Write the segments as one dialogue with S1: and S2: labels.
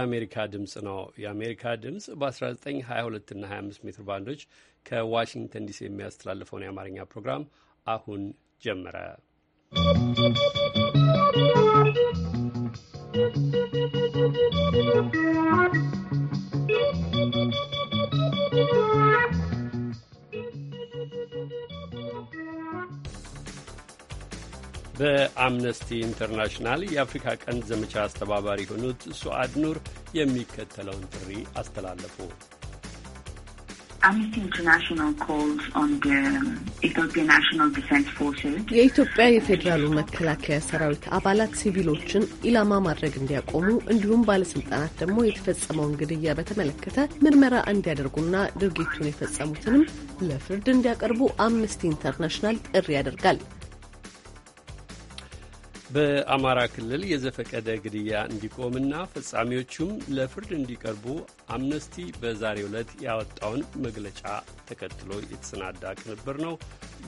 S1: የአሜሪካ ድምፅ ነው። የአሜሪካ ድምፅ በ1922 እና 25 ሜትር ባንዶች ከዋሽንግተን ዲሲ የሚያስተላልፈውን የአማርኛ ፕሮግራም አሁን ጀመረ። ¶¶ በአምነስቲ ኢንተርናሽናል የአፍሪካ ቀንድ ዘመቻ አስተባባሪ የሆኑት ሱአድ ኑር የሚከተለውን ጥሪ አስተላለፉ።
S2: የኢትዮጵያ የፌዴራሉ መከላከያ ሰራዊት አባላት ሲቪሎችን ኢላማ ማድረግ እንዲያቆሙ እንዲሁም ባለስልጣናት ደግሞ የተፈጸመውን ግድያ በተመለከተ ምርመራ እንዲያደርጉና ድርጊቱን የፈጸሙትንም ለፍርድ እንዲያቀርቡ አምነስቲ ኢንተርናሽናል ጥሪ ያደርጋል።
S1: በአማራ ክልል የዘፈቀደ ግድያ እንዲቆምና ፈጻሚዎቹም ለፍርድ እንዲቀርቡ አምነስቲ በዛሬ ዕለት ያወጣውን መግለጫ ተከትሎ የተሰናዳ ቅንብር ነው።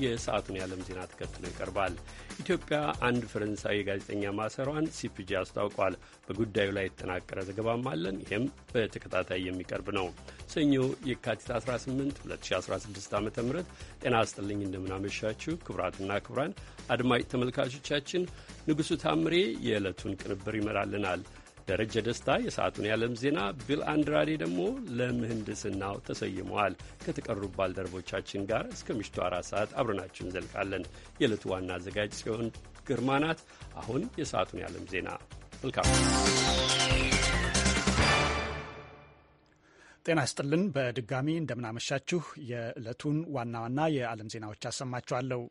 S1: የሰዓቱን የዓለም ዜና ተከትሎ ይቀርባል። ኢትዮጵያ አንድ ፈረንሳዊ ጋዜጠኛ ማሰሯን ሲፒጂ አስታውቋል። በጉዳዩ ላይ የተጠናቀረ ዘገባም አለን። ይህም በተከታታይ የሚቀርብ ነው። ሰኞ የካቲት 18 2016 ዓ ም ጤና አስጥልኝ እንደምናመሻችሁ ክቡራትና ክቡራን አድማጭ ተመልካቾቻችን ንጉሡ ታምሬ የዕለቱን ቅንብር ይመራልናል። ደረጀ ደስታ የሰዓቱን የዓለም ዜና፣ ቢል አንድራዴ ደግሞ ለምህንድስናው ተሰይመዋል። ከተቀሩ ባልደረቦቻችን ጋር እስከ ምሽቱ አራት ሰዓት አብረናችሁ እንዘልቃለን። የዕለቱ ዋና አዘጋጅ ሲሆን ግርማ ናት። አሁን የሰዓቱን የዓለም ዜና መልካም
S3: ጤና ይስጥልን። በድጋሚ እንደምናመሻችሁ የዕለቱን ዋና ዋና የዓለም ዜናዎች አሰማችኋለሁ።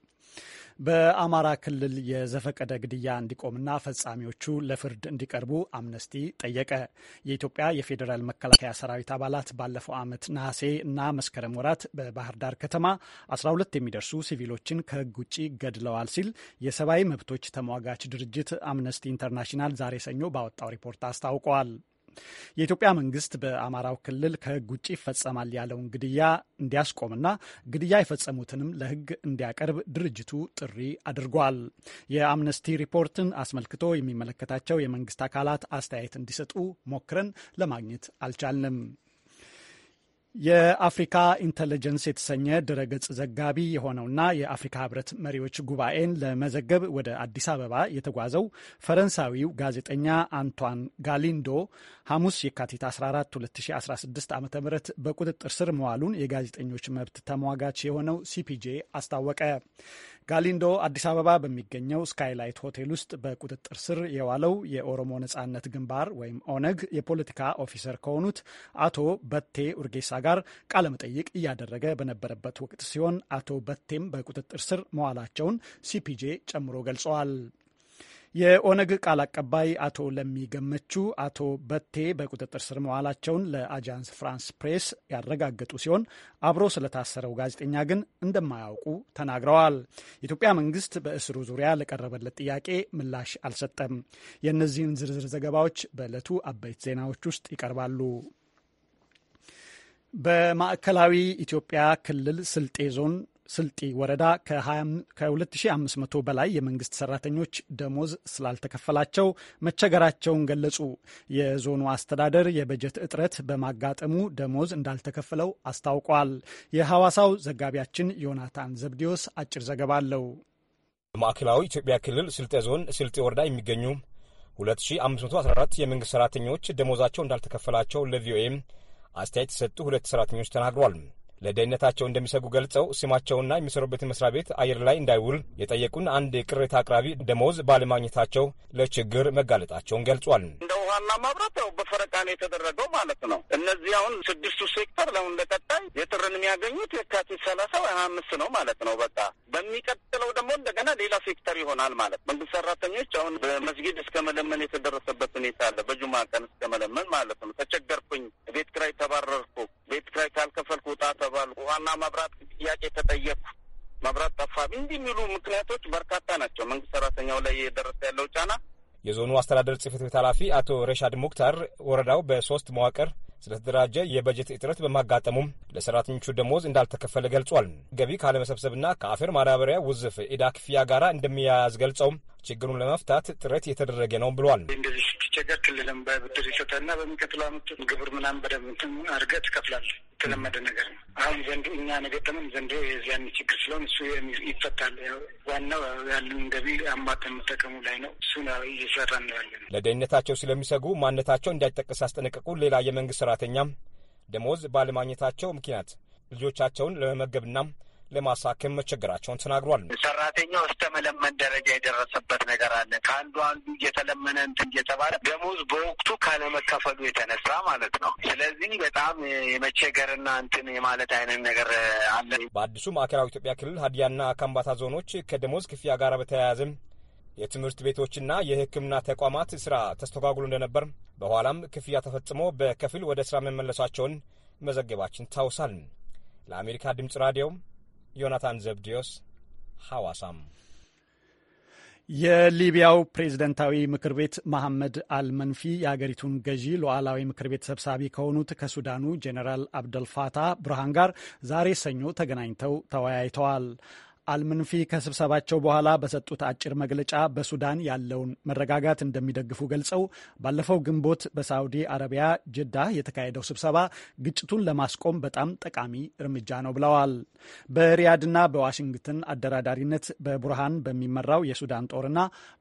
S3: በአማራ ክልል የዘፈቀደ ግድያ እንዲቆምና ፈጻሚዎቹ ለፍርድ እንዲቀርቡ አምነስቲ ጠየቀ። የኢትዮጵያ የፌዴራል መከላከያ ሰራዊት አባላት ባለፈው ዓመት ነሐሴ እና መስከረም ወራት በባህር ዳር ከተማ 12 የሚደርሱ ሲቪሎችን ከህግ ውጭ ገድለዋል ሲል የሰብአዊ መብቶች ተሟጋች ድርጅት አምነስቲ ኢንተርናሽናል ዛሬ ሰኞ ባወጣው ሪፖርት አስታውቀዋል። የኢትዮጵያ መንግስት በአማራው ክልል ከህግ ውጭ ይፈጸማል ያለውን ግድያ እንዲያስቆምና ግድያ የፈጸሙትንም ለህግ እንዲያቀርብ ድርጅቱ ጥሪ አድርጓል። የአምነስቲ ሪፖርትን አስመልክቶ የሚመለከታቸው የመንግስት አካላት አስተያየት እንዲሰጡ ሞክረን ለማግኘት አልቻልንም። የአፍሪካ ኢንተለጀንስ የተሰኘ ድረገጽ ዘጋቢ የሆነውና የአፍሪካ ሕብረት መሪዎች ጉባኤን ለመዘገብ ወደ አዲስ አበባ የተጓዘው ፈረንሳዊው ጋዜጠኛ አንቷን ጋሊንዶ ሐሙስ የካቲት 14 2016 ዓ ም በቁጥጥር ስር መዋሉን የጋዜጠኞች መብት ተሟጋች የሆነው ሲፒጄ አስታወቀ። ጋሊንዶ አዲስ አበባ በሚገኘው ስካይላይት ሆቴል ውስጥ በቁጥጥር ስር የዋለው የኦሮሞ ነጻነት ግንባር ወይም ኦነግ የፖለቲካ ኦፊሰር ከሆኑት አቶ በቴ ኡርጌሳ ጋር ቃለመጠይቅ እያደረገ በነበረበት ወቅት ሲሆን አቶ በቴም በቁጥጥር ስር መዋላቸውን ሲፒጄ ጨምሮ ገልጸዋል። የኦነግ ቃል አቀባይ አቶ ለሚገመቹ አቶ በቴ በቁጥጥር ስር መዋላቸውን ለአጃንስ ፍራንስ ፕሬስ ያረጋገጡ ሲሆን አብሮ ስለታሰረው ጋዜጠኛ ግን እንደማያውቁ ተናግረዋል። የኢትዮጵያ መንግስት በእስሩ ዙሪያ ለቀረበለት ጥያቄ ምላሽ አልሰጠም። የእነዚህን ዝርዝር ዘገባዎች በዕለቱ አበይት ዜናዎች ውስጥ ይቀርባሉ። በማዕከላዊ ኢትዮጵያ ክልል ስልጤ ዞን ስልጢ ወረዳ ከ2500 በላይ የመንግስት ሰራተኞች ደሞዝ ስላልተከፈላቸው መቸገራቸውን ገለጹ። የዞኑ አስተዳደር የበጀት እጥረት በማጋጠሙ ደሞዝ እንዳልተከፈለው አስታውቋል። የሐዋሳው ዘጋቢያችን ዮናታን ዘብዲዮስ አጭር ዘገባ አለው።
S4: በማዕከላዊ ኢትዮጵያ ክልል ስልጤ ዞን ስልጤ ወረዳ የሚገኙ 2514 የመንግስት ሰራተኞች ደሞዛቸው እንዳልተከፈላቸው ለቪኦኤም አስተያየት የሰጡ ሁለት ሰራተኞች ተናግሯል። ለደህንነታቸው እንደሚሰጉ ገልጸው ስማቸውና የሚሰሩበት መስሪያ ቤት አየር ላይ እንዳይውል የጠየቁን አንድ ቅሬታ አቅራቢ ደሞዝ ባለማግኘታቸው ለችግር መጋለጣቸውን ገልጿል። ውሃና ማብራት
S5: ያው በፈረቃ ነው የተደረገው ማለት ነው። እነዚህ አሁን ስድስቱ ሴክተር ለሁን ለቀጣይ የጥርን የሚያገኙት የካቲት ሰላሳ ወይ ሀያ አምስት ነው ማለት ነው። በቃ በሚቀጥለው ደግሞ እንደገና ሌላ ሴክተር ይሆናል ማለት መንግስት ሰራተኞች አሁን በመስጊድ እስከ መለመን የተደረሰበት ሁኔታ አለ። በጁማ ቀን እስከ መለመን ማለት ነው። ተቸገርኩኝ፣ ቤት ክራይ ተባረርኩ፣ ቤት ክራይ ካልከፈልኩ ውጣ ተባልኩ፣ ውሃና ማብራት ጥያቄ ተጠየቅኩ መብራት ጠፋ። እንዲህ የሚሉ ምክንያቶች በርካታ ናቸው። መንግስት ሰራተኛው
S4: ላይ የደረሰ ያለው ጫና የዞኑ አስተዳደር ጽህፈት ቤት ኃላፊ አቶ ረሻድ ሙክታር ወረዳው በሶስት መዋቅር ስለተደራጀ የበጀት እጥረት በማጋጠሙም ለሰራተኞቹ ደሞዝ እንዳልተከፈለ ገልጿል። ገቢ ካለመሰብሰብና ከአፈር ማዳበሪያ ውዝፍ ዕዳ ክፍያ ጋር እንደሚያያዝ ገልጸው ችግሩን ለመፍታት ጥረት የተደረገ ነው ብሏል። እንደዚህ
S5: ስትቸገር ክልልም በብድር ይሰጠና በሚቀጥለው አመት ግብር ምናምን በደንብ እንትን አድርገህ ትከፍላለህ። የተለመደ ነገር ነው። አሁን ዘንድ እኛ ነገጠመን ዘንድ የዚያን ችግር ስለሆን እሱ ይፈታል። ዋናው ያለን ገቢ አማት የምጠቀሙ ላይ ነው። እሱ እየሰራ ነው
S4: ነው። ለደህንነታቸው ስለሚሰጉ ማንነታቸው እንዳይጠቀስ አስጠነቀቁ። ሌላ የመንግስት ሰራተኛም ደሞዝ ባለማግኘታቸው ምክንያት ልጆቻቸውን ለመመገብና ለማሳከም መቸገራቸውን ተናግሯል።
S5: ሰራተኛው እስከ መለመን ደረጃ የደረሰበት ነገር አለ። ከአንዱ አንዱ እየተለመነ እንትን እየተባለ ደሞዝ በወቅቱ ካለመከፈሉ የተነሳ ማለት ነው። ስለዚህ በጣም የመቸገርና እንትን የማለት አይነት ነገር አለ።
S4: በአዲሱ ማዕከላዊ ኢትዮጵያ ክልል ሀዲያና አካምባታ ዞኖች ከደሞዝ ክፍያ ጋር በተያያዘም የትምህርት ቤቶችና የሕክምና ተቋማት ስራ ተስተጓጉሎ እንደነበር በኋላም ክፍያ ተፈጽሞ በከፊል ወደ ስራ መመለሳቸውን መዘገባችን ታውሳል። ለአሜሪካ ድምፅ ራዲዮ ዮናታን ዘብዲዮስ ሐዋሳም
S3: የሊቢያው ፕሬዝደንታዊ ምክር ቤት መሐመድ አልመንፊ የአገሪቱን ገዢ ሉዓላዊ ምክር ቤት ሰብሳቢ ከሆኑት ከሱዳኑ ጄኔራል አብደልፋታ ብርሃን ጋር ዛሬ ሰኞ ተገናኝተው ተወያይተዋል። አልምንፊ ከስብሰባቸው በኋላ በሰጡት አጭር መግለጫ በሱዳን ያለውን መረጋጋት እንደሚደግፉ ገልጸው ባለፈው ግንቦት በሳዑዲ አረቢያ ጅዳ የተካሄደው ስብሰባ ግጭቱን ለማስቆም በጣም ጠቃሚ እርምጃ ነው ብለዋል። በሪያድና በዋሽንግተን አደራዳሪነት በቡርሃን በሚመራው የሱዳን ጦርና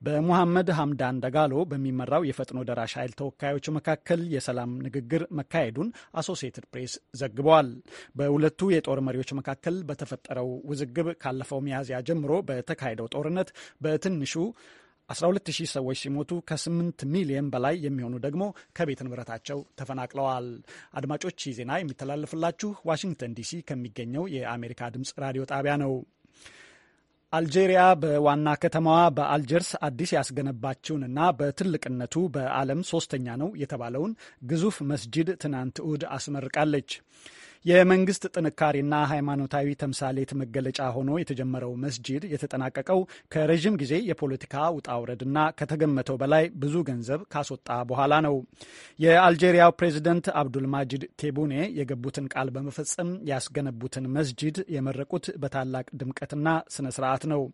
S3: በሙሐመድ ሀምዳን ደጋሎ በሚመራው የፈጥኖ ደራሽ ኃይል ተወካዮች መካከል የሰላም ንግግር መካሄዱን አሶሲየትድ ፕሬስ ዘግበዋል። በሁለቱ የጦር መሪዎች መካከል በተፈጠረው ውዝግብ ካለፈው ካለፈው ሚያዝያ ጀምሮ በተካሄደው ጦርነት በትንሹ 120 ሰዎች ሲሞቱ ከ8 ሚሊየን በላይ የሚሆኑ ደግሞ ከቤት ንብረታቸው ተፈናቅለዋል። አድማጮች ይህ ዜና የሚተላለፍላችሁ ዋሽንግተን ዲሲ ከሚገኘው የአሜሪካ ድምፅ ራዲዮ ጣቢያ ነው። አልጄሪያ በዋና ከተማዋ በአልጀርስ አዲስ ያስገነባችውንና በትልቅነቱ በዓለም ሶስተኛ ነው የተባለውን ግዙፍ መስጂድ ትናንት እሁድ አስመርቃለች። የመንግስት ጥንካሬና ሃይማኖታዊ ተምሳሌት መገለጫ ሆኖ የተጀመረው መስጂድ የተጠናቀቀው ከረዥም ጊዜ የፖለቲካ ውጣውረድና ከተገመተው በላይ ብዙ ገንዘብ ካስወጣ በኋላ ነው። የአልጄሪያው ፕሬዚደንት አብዱልማጂድ ቴቡኔ የገቡትን ቃል በመፈጸም ያስገነቡትን መስጂድ የመረቁት በታላቅ ድምቀትና ስነ ስርዓት ነው።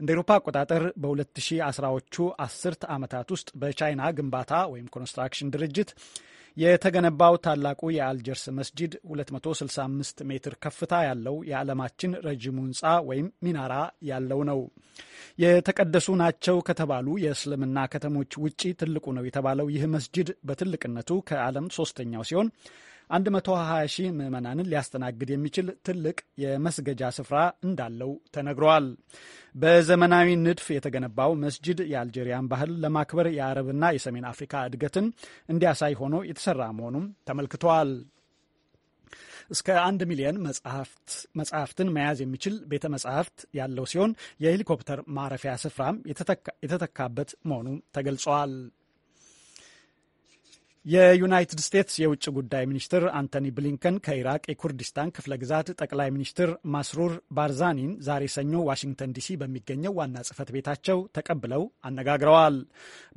S3: እንደ ኤሮፓ አቆጣጠር በ2010ዎቹ አስርት ዓመታት ውስጥ በቻይና ግንባታ ወይም ኮንስትራክሽን ድርጅት የተገነባው ታላቁ የአልጀርስ መስጂድ 265 ሜትር ከፍታ ያለው የዓለማችን ረዥሙ ህንፃ ወይም ሚናራ ያለው ነው። የተቀደሱ ናቸው ከተባሉ የእስልምና ከተሞች ውጪ ትልቁ ነው የተባለው ይህ መስጂድ በትልቅነቱ ከዓለም ሶስተኛው ሲሆን 120 ሺህ ምዕመናንን ሊያስተናግድ የሚችል ትልቅ የመስገጃ ስፍራ እንዳለው ተነግሯል። በዘመናዊ ንድፍ የተገነባው መስጅድ የአልጄሪያን ባህል ለማክበር የአረብና የሰሜን አፍሪካ እድገትን እንዲያሳይ ሆኖ የተሰራ መሆኑም ተመልክተዋል። እስከ አንድ ሚሊዮን መጽሐፍትን መያዝ የሚችል ቤተ መጽሐፍት ያለው ሲሆን የሄሊኮፕተር ማረፊያ ስፍራም የተተካበት መሆኑ ተገልጿል። የዩናይትድ ስቴትስ የውጭ ጉዳይ ሚኒስትር አንቶኒ ብሊንከን ከኢራቅ የኩርዲስታን ክፍለ ግዛት ጠቅላይ ሚኒስትር ማስሩር ባርዛኒን ዛሬ ሰኞ ዋሽንግተን ዲሲ በሚገኘው ዋና ጽህፈት ቤታቸው ተቀብለው አነጋግረዋል።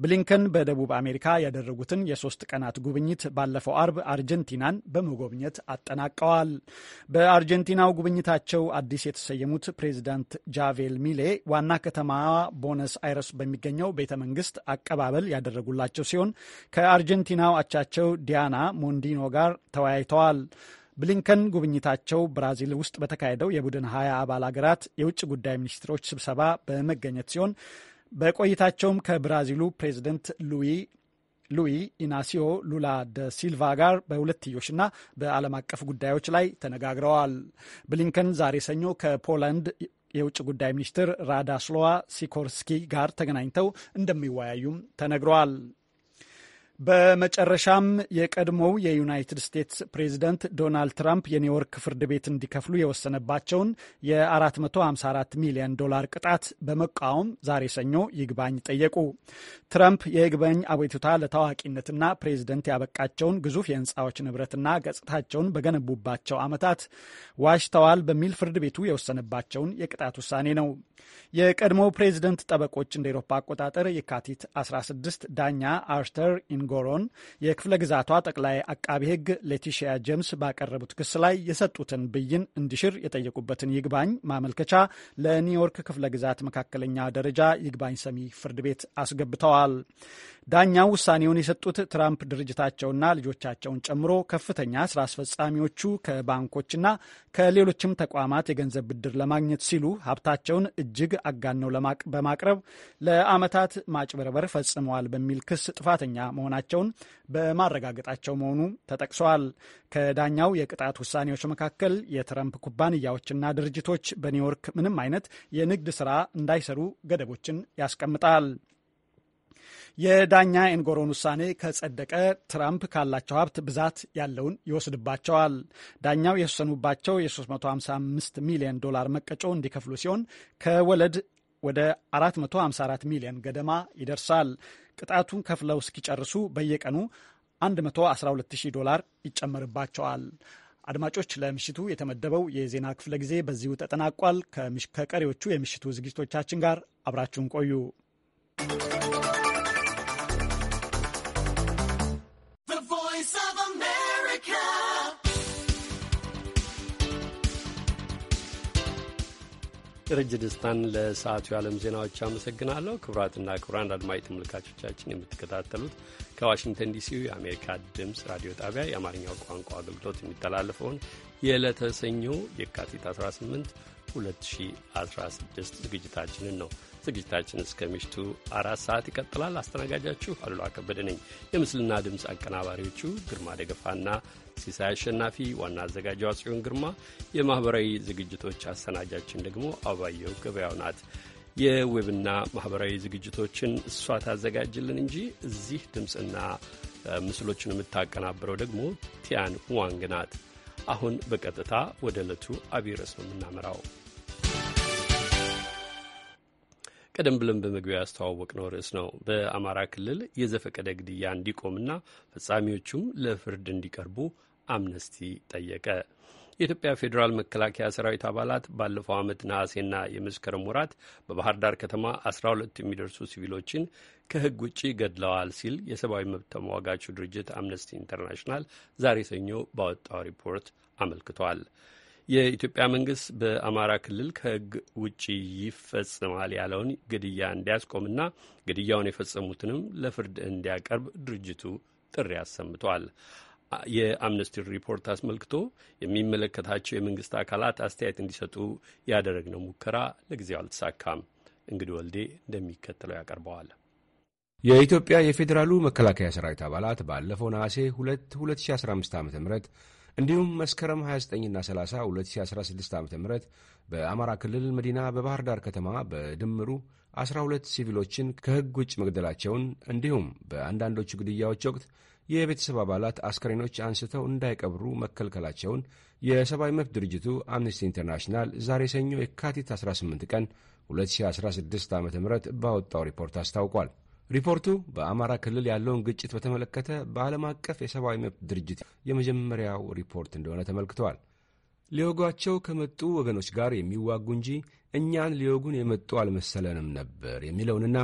S3: ብሊንከን በደቡብ አሜሪካ ያደረጉትን የሶስት ቀናት ጉብኝት ባለፈው አርብ አርጀንቲናን በመጎብኘት አጠናቀዋል። በአርጀንቲናው ጉብኝታቸው አዲስ የተሰየሙት ፕሬዚዳንት ጃቬል ሚሌ ዋና ከተማዋ ቦነስ አይረስ በሚገኘው ቤተ መንግስት አቀባበል ያደረጉላቸው ሲሆን ከአርጀንቲናው አቻቸው ዲያና ሞንዲኖ ጋር ተወያይተዋል። ብሊንከን ጉብኝታቸው ብራዚል ውስጥ በተካሄደው የቡድን ሀያ አባል አገራት የውጭ ጉዳይ ሚኒስትሮች ስብሰባ በመገኘት ሲሆን በቆይታቸውም ከብራዚሉ ፕሬዚደንት ሉዊ ሉዊ ኢናሲዮ ሉላ ደ ሲልቫ ጋር በሁለትዮሽና በዓለም አቀፍ ጉዳዮች ላይ ተነጋግረዋል። ብሊንከን ዛሬ ሰኞ ከፖላንድ የውጭ ጉዳይ ሚኒስትር ራዳስሎዋ ሲኮርስኪ ጋር ተገናኝተው እንደሚወያዩም ተነግረዋል። በመጨረሻም የቀድሞው የዩናይትድ ስቴትስ ፕሬዚደንት ዶናልድ ትራምፕ የኒውዮርክ ፍርድ ቤት እንዲከፍሉ የወሰነባቸውን የ454 ሚሊዮን ዶላር ቅጣት በመቃወም ዛሬ ሰኞ ይግባኝ ጠየቁ። ትራምፕ የይግባኝ አቤቱታ ለታዋቂነትና ፕሬዚደንት ያበቃቸውን ግዙፍ የህንፃዎች ንብረትና ገጽታቸውን በገነቡባቸው ዓመታት ዋሽተዋል በሚል ፍርድ ቤቱ የወሰነባቸውን የቅጣት ውሳኔ ነው። የቀድሞው ፕሬዚደንት ጠበቆች እንደ ኤሮፓ አቆጣጠር የካቲት 16 ዳኛ አርተር ጎንጎሮን የክፍለ ግዛቷ ጠቅላይ አቃቢ ሕግ ሌቲሺያ ጄምስ ባቀረቡት ክስ ላይ የሰጡትን ብይን እንዲሽር የጠየቁበትን ይግባኝ ማመልከቻ ለኒውዮርክ ክፍለ ግዛት መካከለኛ ደረጃ ይግባኝ ሰሚ ፍርድ ቤት አስገብተዋል። ዳኛው ውሳኔውን የሰጡት ትራምፕ ድርጅታቸውና ልጆቻቸውን ጨምሮ ከፍተኛ ስራ አስፈጻሚዎቹ ከባንኮችና ከሌሎችም ተቋማት የገንዘብ ብድር ለማግኘት ሲሉ ሀብታቸውን እጅግ አጋነው በማቅረብ ለአመታት ማጭበርበር ፈጽመዋል በሚል ክስ ጥፋተኛ መሆናቸውን በማረጋገጣቸው መሆኑ ተጠቅሰዋል። ከዳኛው የቅጣት ውሳኔዎች መካከል የትራምፕ ኩባንያዎችና ድርጅቶች በኒውዮርክ ምንም አይነት የንግድ ስራ እንዳይሰሩ ገደቦችን ያስቀምጣል። የዳኛ ኤንጎሮን ውሳኔ ከጸደቀ ትራምፕ ካላቸው ሀብት ብዛት ያለውን ይወስድባቸዋል። ዳኛው የወሰኑባቸው የ355 ሚሊዮን ዶላር መቀጮ እንዲከፍሉ ሲሆን ከወለድ ወደ 454 ሚሊዮን ገደማ ይደርሳል። ቅጣቱን ከፍለው እስኪጨርሱ በየቀኑ 112000 ዶላር ይጨመርባቸዋል። አድማጮች፣ ለምሽቱ የተመደበው የዜና ክፍለ ጊዜ በዚሁ ተጠናቋል። ከቀሪዎቹ የምሽቱ ዝግጅቶቻችን ጋር አብራችሁን ቆዩ።
S5: Voice
S6: of America.
S1: ደረጀ ደስታን ለሰዓቱ የዓለም ዜናዎች አመሰግናለሁ። ክቡራትና ክቡራን አድማጭ ተመልካቾቻችን የምትከታተሉት ከዋሽንግተን ዲሲ የአሜሪካ ድምፅ ራዲዮ ጣቢያ የአማርኛው ቋንቋ አገልግሎት የሚተላለፈውን የዕለተ ሰኞ የካቲት 18 2016 ዝግጅታችንን ነው። ዝግጅታችን እስከ ምሽቱ አራት ሰዓት ይቀጥላል። አስተናጋጃችሁ አሉላ ከበደ ነኝ። የምስልና ድምፅ አቀናባሪዎቹ ግርማ ደገፋና ሲሳይ አሸናፊ፣ ዋና አዘጋጇ ጽዮን ግርማ፣ የማኅበራዊ ዝግጅቶች አሰናጃችን ደግሞ አባየው ገበያው ናት። የዌብና ማኅበራዊ ዝግጅቶችን እሷ ታዘጋጅልን እንጂ እዚህ ድምፅና ምስሎችን የምታቀናብረው ደግሞ ቲያን ዋንግ ናት። አሁን በቀጥታ ወደ ዕለቱ አብይ ርዕስ ነው የምናመራው። ቀደም ብለን ያስተዋወቅ ያስተዋወቅነው ርዕስ ነው። በአማራ ክልል የዘፈቀደ ግድያ እንዲቆምና ፈጻሚዎቹም ለፍርድ እንዲቀርቡ አምነስቲ ጠየቀ። የኢትዮጵያ ፌዴራል መከላከያ ሰራዊት አባላት ባለፈው ዓመት ነሐሴና የመስከረም ወራት በባህር ዳር ከተማ 12 የሚደርሱ ሲቪሎችን ከሕግ ውጭ ገድለዋል ሲል የሰብአዊ መብት ተሟጋቹ ድርጅት አምነስቲ ኢንተርናሽናል ዛሬ ሰኞ ባወጣው ሪፖርት አመልክቷል። የኢትዮጵያ መንግስት በአማራ ክልል ከህግ ውጭ ይፈጽማል ያለውን ግድያ እንዲያስቆምና ግድያውን የፈጸሙትንም ለፍርድ እንዲያቀርብ ድርጅቱ ጥሪ አሰምቷል። የአምነስቲ ሪፖርት አስመልክቶ የሚመለከታቸው የመንግስት አካላት አስተያየት እንዲሰጡ ያደረግነው ሙከራ ለጊዜው አልተሳካም። እንግዲህ ወልዴ እንደሚከተለው ያቀርበዋል።
S7: የኢትዮጵያ የፌዴራሉ መከላከያ ሰራዊት አባላት ባለፈው ነሐሴ 2 2015 ዓ ም እንዲሁም መስከረም 29ና 30 2016 ዓ ም በአማራ ክልል መዲና በባህር ዳር ከተማ በድምሩ 12 ሲቪሎችን ከሕግ ውጭ መግደላቸውን እንዲሁም በአንዳንዶቹ ግድያዎች ወቅት የቤተሰብ አባላት አስከሬኖች አንስተው እንዳይቀብሩ መከልከላቸውን የሰብአዊ መብት ድርጅቱ አምነስቲ ኢንተርናሽናል ዛሬ ሰኞ የካቲት 18 ቀን 2016 ዓ ም ባወጣው ሪፖርት አስታውቋል። ሪፖርቱ በአማራ ክልል ያለውን ግጭት በተመለከተ በዓለም አቀፍ የሰብአዊ መብት ድርጅት የመጀመሪያው ሪፖርት እንደሆነ ተመልክተዋል። ሊወጓቸው ከመጡ ወገኖች ጋር የሚዋጉ እንጂ እኛን ሊወጉን የመጡ አልመሰለንም ነበር የሚለውንና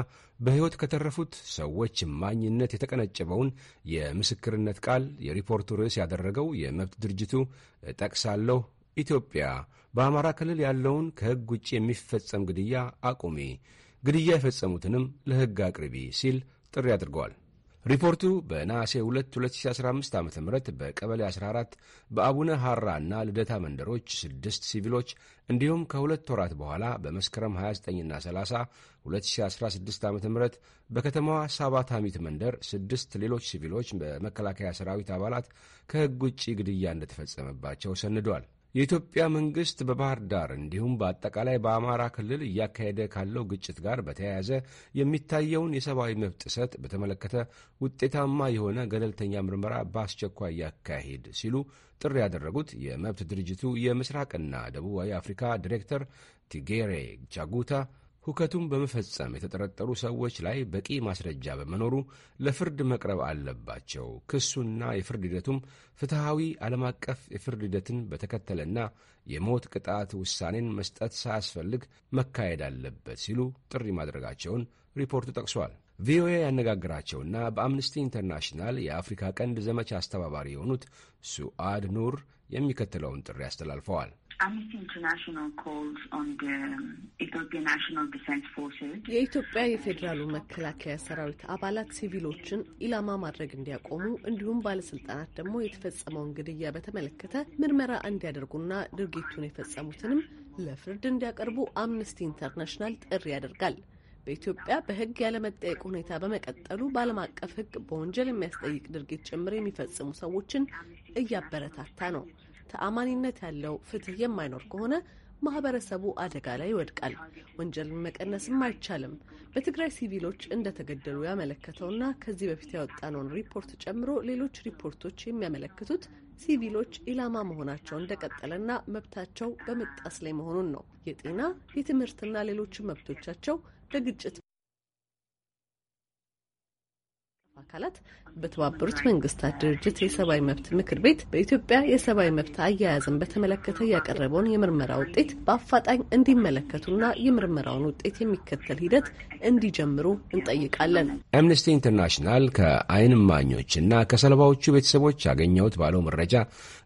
S7: በሕይወት ከተረፉት ሰዎች ማኝነት የተቀነጨበውን የምስክርነት ቃል የሪፖርቱ ርዕስ ያደረገው የመብት ድርጅቱ እጠቅሳለሁ፣ ኢትዮጵያ በአማራ ክልል ያለውን ከሕግ ውጭ የሚፈጸም ግድያ አቁሜ። ግድያ የፈጸሙትንም ለሕግ አቅርቢ ሲል ጥሪ አድርገዋል። ሪፖርቱ በነሐሴ 2 2015 ዓ ም በቀበሌ 14 በአቡነ ሐራ እና ልደታ መንደሮች ስድስት ሲቪሎች እንዲሁም ከሁለት ወራት በኋላ በመስከረም 29ና 30 2016 ዓ ም በከተማዋ ሳባታሚት መንደር ስድስት ሌሎች ሲቪሎች በመከላከያ ሰራዊት አባላት ከሕግ ውጭ ግድያ እንደተፈጸመባቸው ሰንደዋል። የኢትዮጵያ መንግሥት በባህር ዳር እንዲሁም በአጠቃላይ በአማራ ክልል እያካሄደ ካለው ግጭት ጋር በተያያዘ የሚታየውን የሰብአዊ መብት ጥሰት በተመለከተ ውጤታማ የሆነ ገለልተኛ ምርመራ በአስቸኳይ ያካሂድ ሲሉ ጥሪ ያደረጉት የመብት ድርጅቱ የምስራቅና ደቡባዊ አፍሪካ ዲሬክተር ቲጌሬ ቻጉታ ሁከቱን በመፈጸም የተጠረጠሩ ሰዎች ላይ በቂ ማስረጃ በመኖሩ ለፍርድ መቅረብ አለባቸው። ክሱና የፍርድ ሂደቱም ፍትሐዊ ዓለም አቀፍ የፍርድ ሂደትን በተከተለና የሞት ቅጣት ውሳኔን መስጠት ሳያስፈልግ መካሄድ አለበት ሲሉ ጥሪ ማድረጋቸውን ሪፖርቱ ጠቅሷል። ቪኦኤ ያነጋግራቸውና በአምነስቲ ኢንተርናሽናል የአፍሪካ ቀንድ ዘመቻ አስተባባሪ የሆኑት ሱአድ ኑር የሚከተለውን ጥሪ አስተላልፈዋል።
S8: Um,
S2: የኢትዮጵያ የፌዴራሉ መከላከያ ሰራዊት አባላት ሲቪሎችን ኢላማ ማድረግ እንዲያቆሙ እንዲሁም ባለስልጣናት ደግሞ የተፈጸመውን ግድያ በተመለከተ ምርመራ እንዲያደርጉና ድርጊቱን የፈጸሙትንም ለፍርድ እንዲያቀርቡ አምነስቲ ኢንተርናሽናል ጥሪ ያደርጋል። በኢትዮጵያ በሕግ ያለመጠየቅ ሁኔታ በመቀጠሉ በዓለም አቀፍ ሕግ በወንጀል የሚያስጠይቅ ድርጊት ጭምር የሚፈጽሙ ሰዎችን እያበረታታ ነው። ተአማኒነት ያለው ፍትህ የማይኖር ከሆነ ማህበረሰቡ አደጋ ላይ ይወድቃል። ወንጀልን መቀነስም አይቻልም። በትግራይ ሲቪሎች እንደተገደሉ ያመለከተውና ከዚህ በፊት ያወጣነውን ሪፖርት ጨምሮ ሌሎች ሪፖርቶች የሚያመለክቱት ሲቪሎች ኢላማ መሆናቸው እንደቀጠለና መብታቸው በመጣስ ላይ መሆኑን ነው። የጤና የትምህርትና ሌሎች መብቶቻቸው በግጭት አካላት በተባበሩት መንግስታት ድርጅት የሰብአዊ መብት ምክር ቤት በኢትዮጵያ የሰብአዊ መብት አያያዝን በተመለከተ ያቀረበውን የምርመራ ውጤት በአፋጣኝ እንዲመለከቱና የምርመራውን ውጤት የሚከተል ሂደት እንዲጀምሩ እንጠይቃለን።
S7: አምነስቲ ኢንተርናሽናል ከአይን እማኞችና ከሰለባዎቹ ቤተሰቦች ያገኘሁት ባለው መረጃ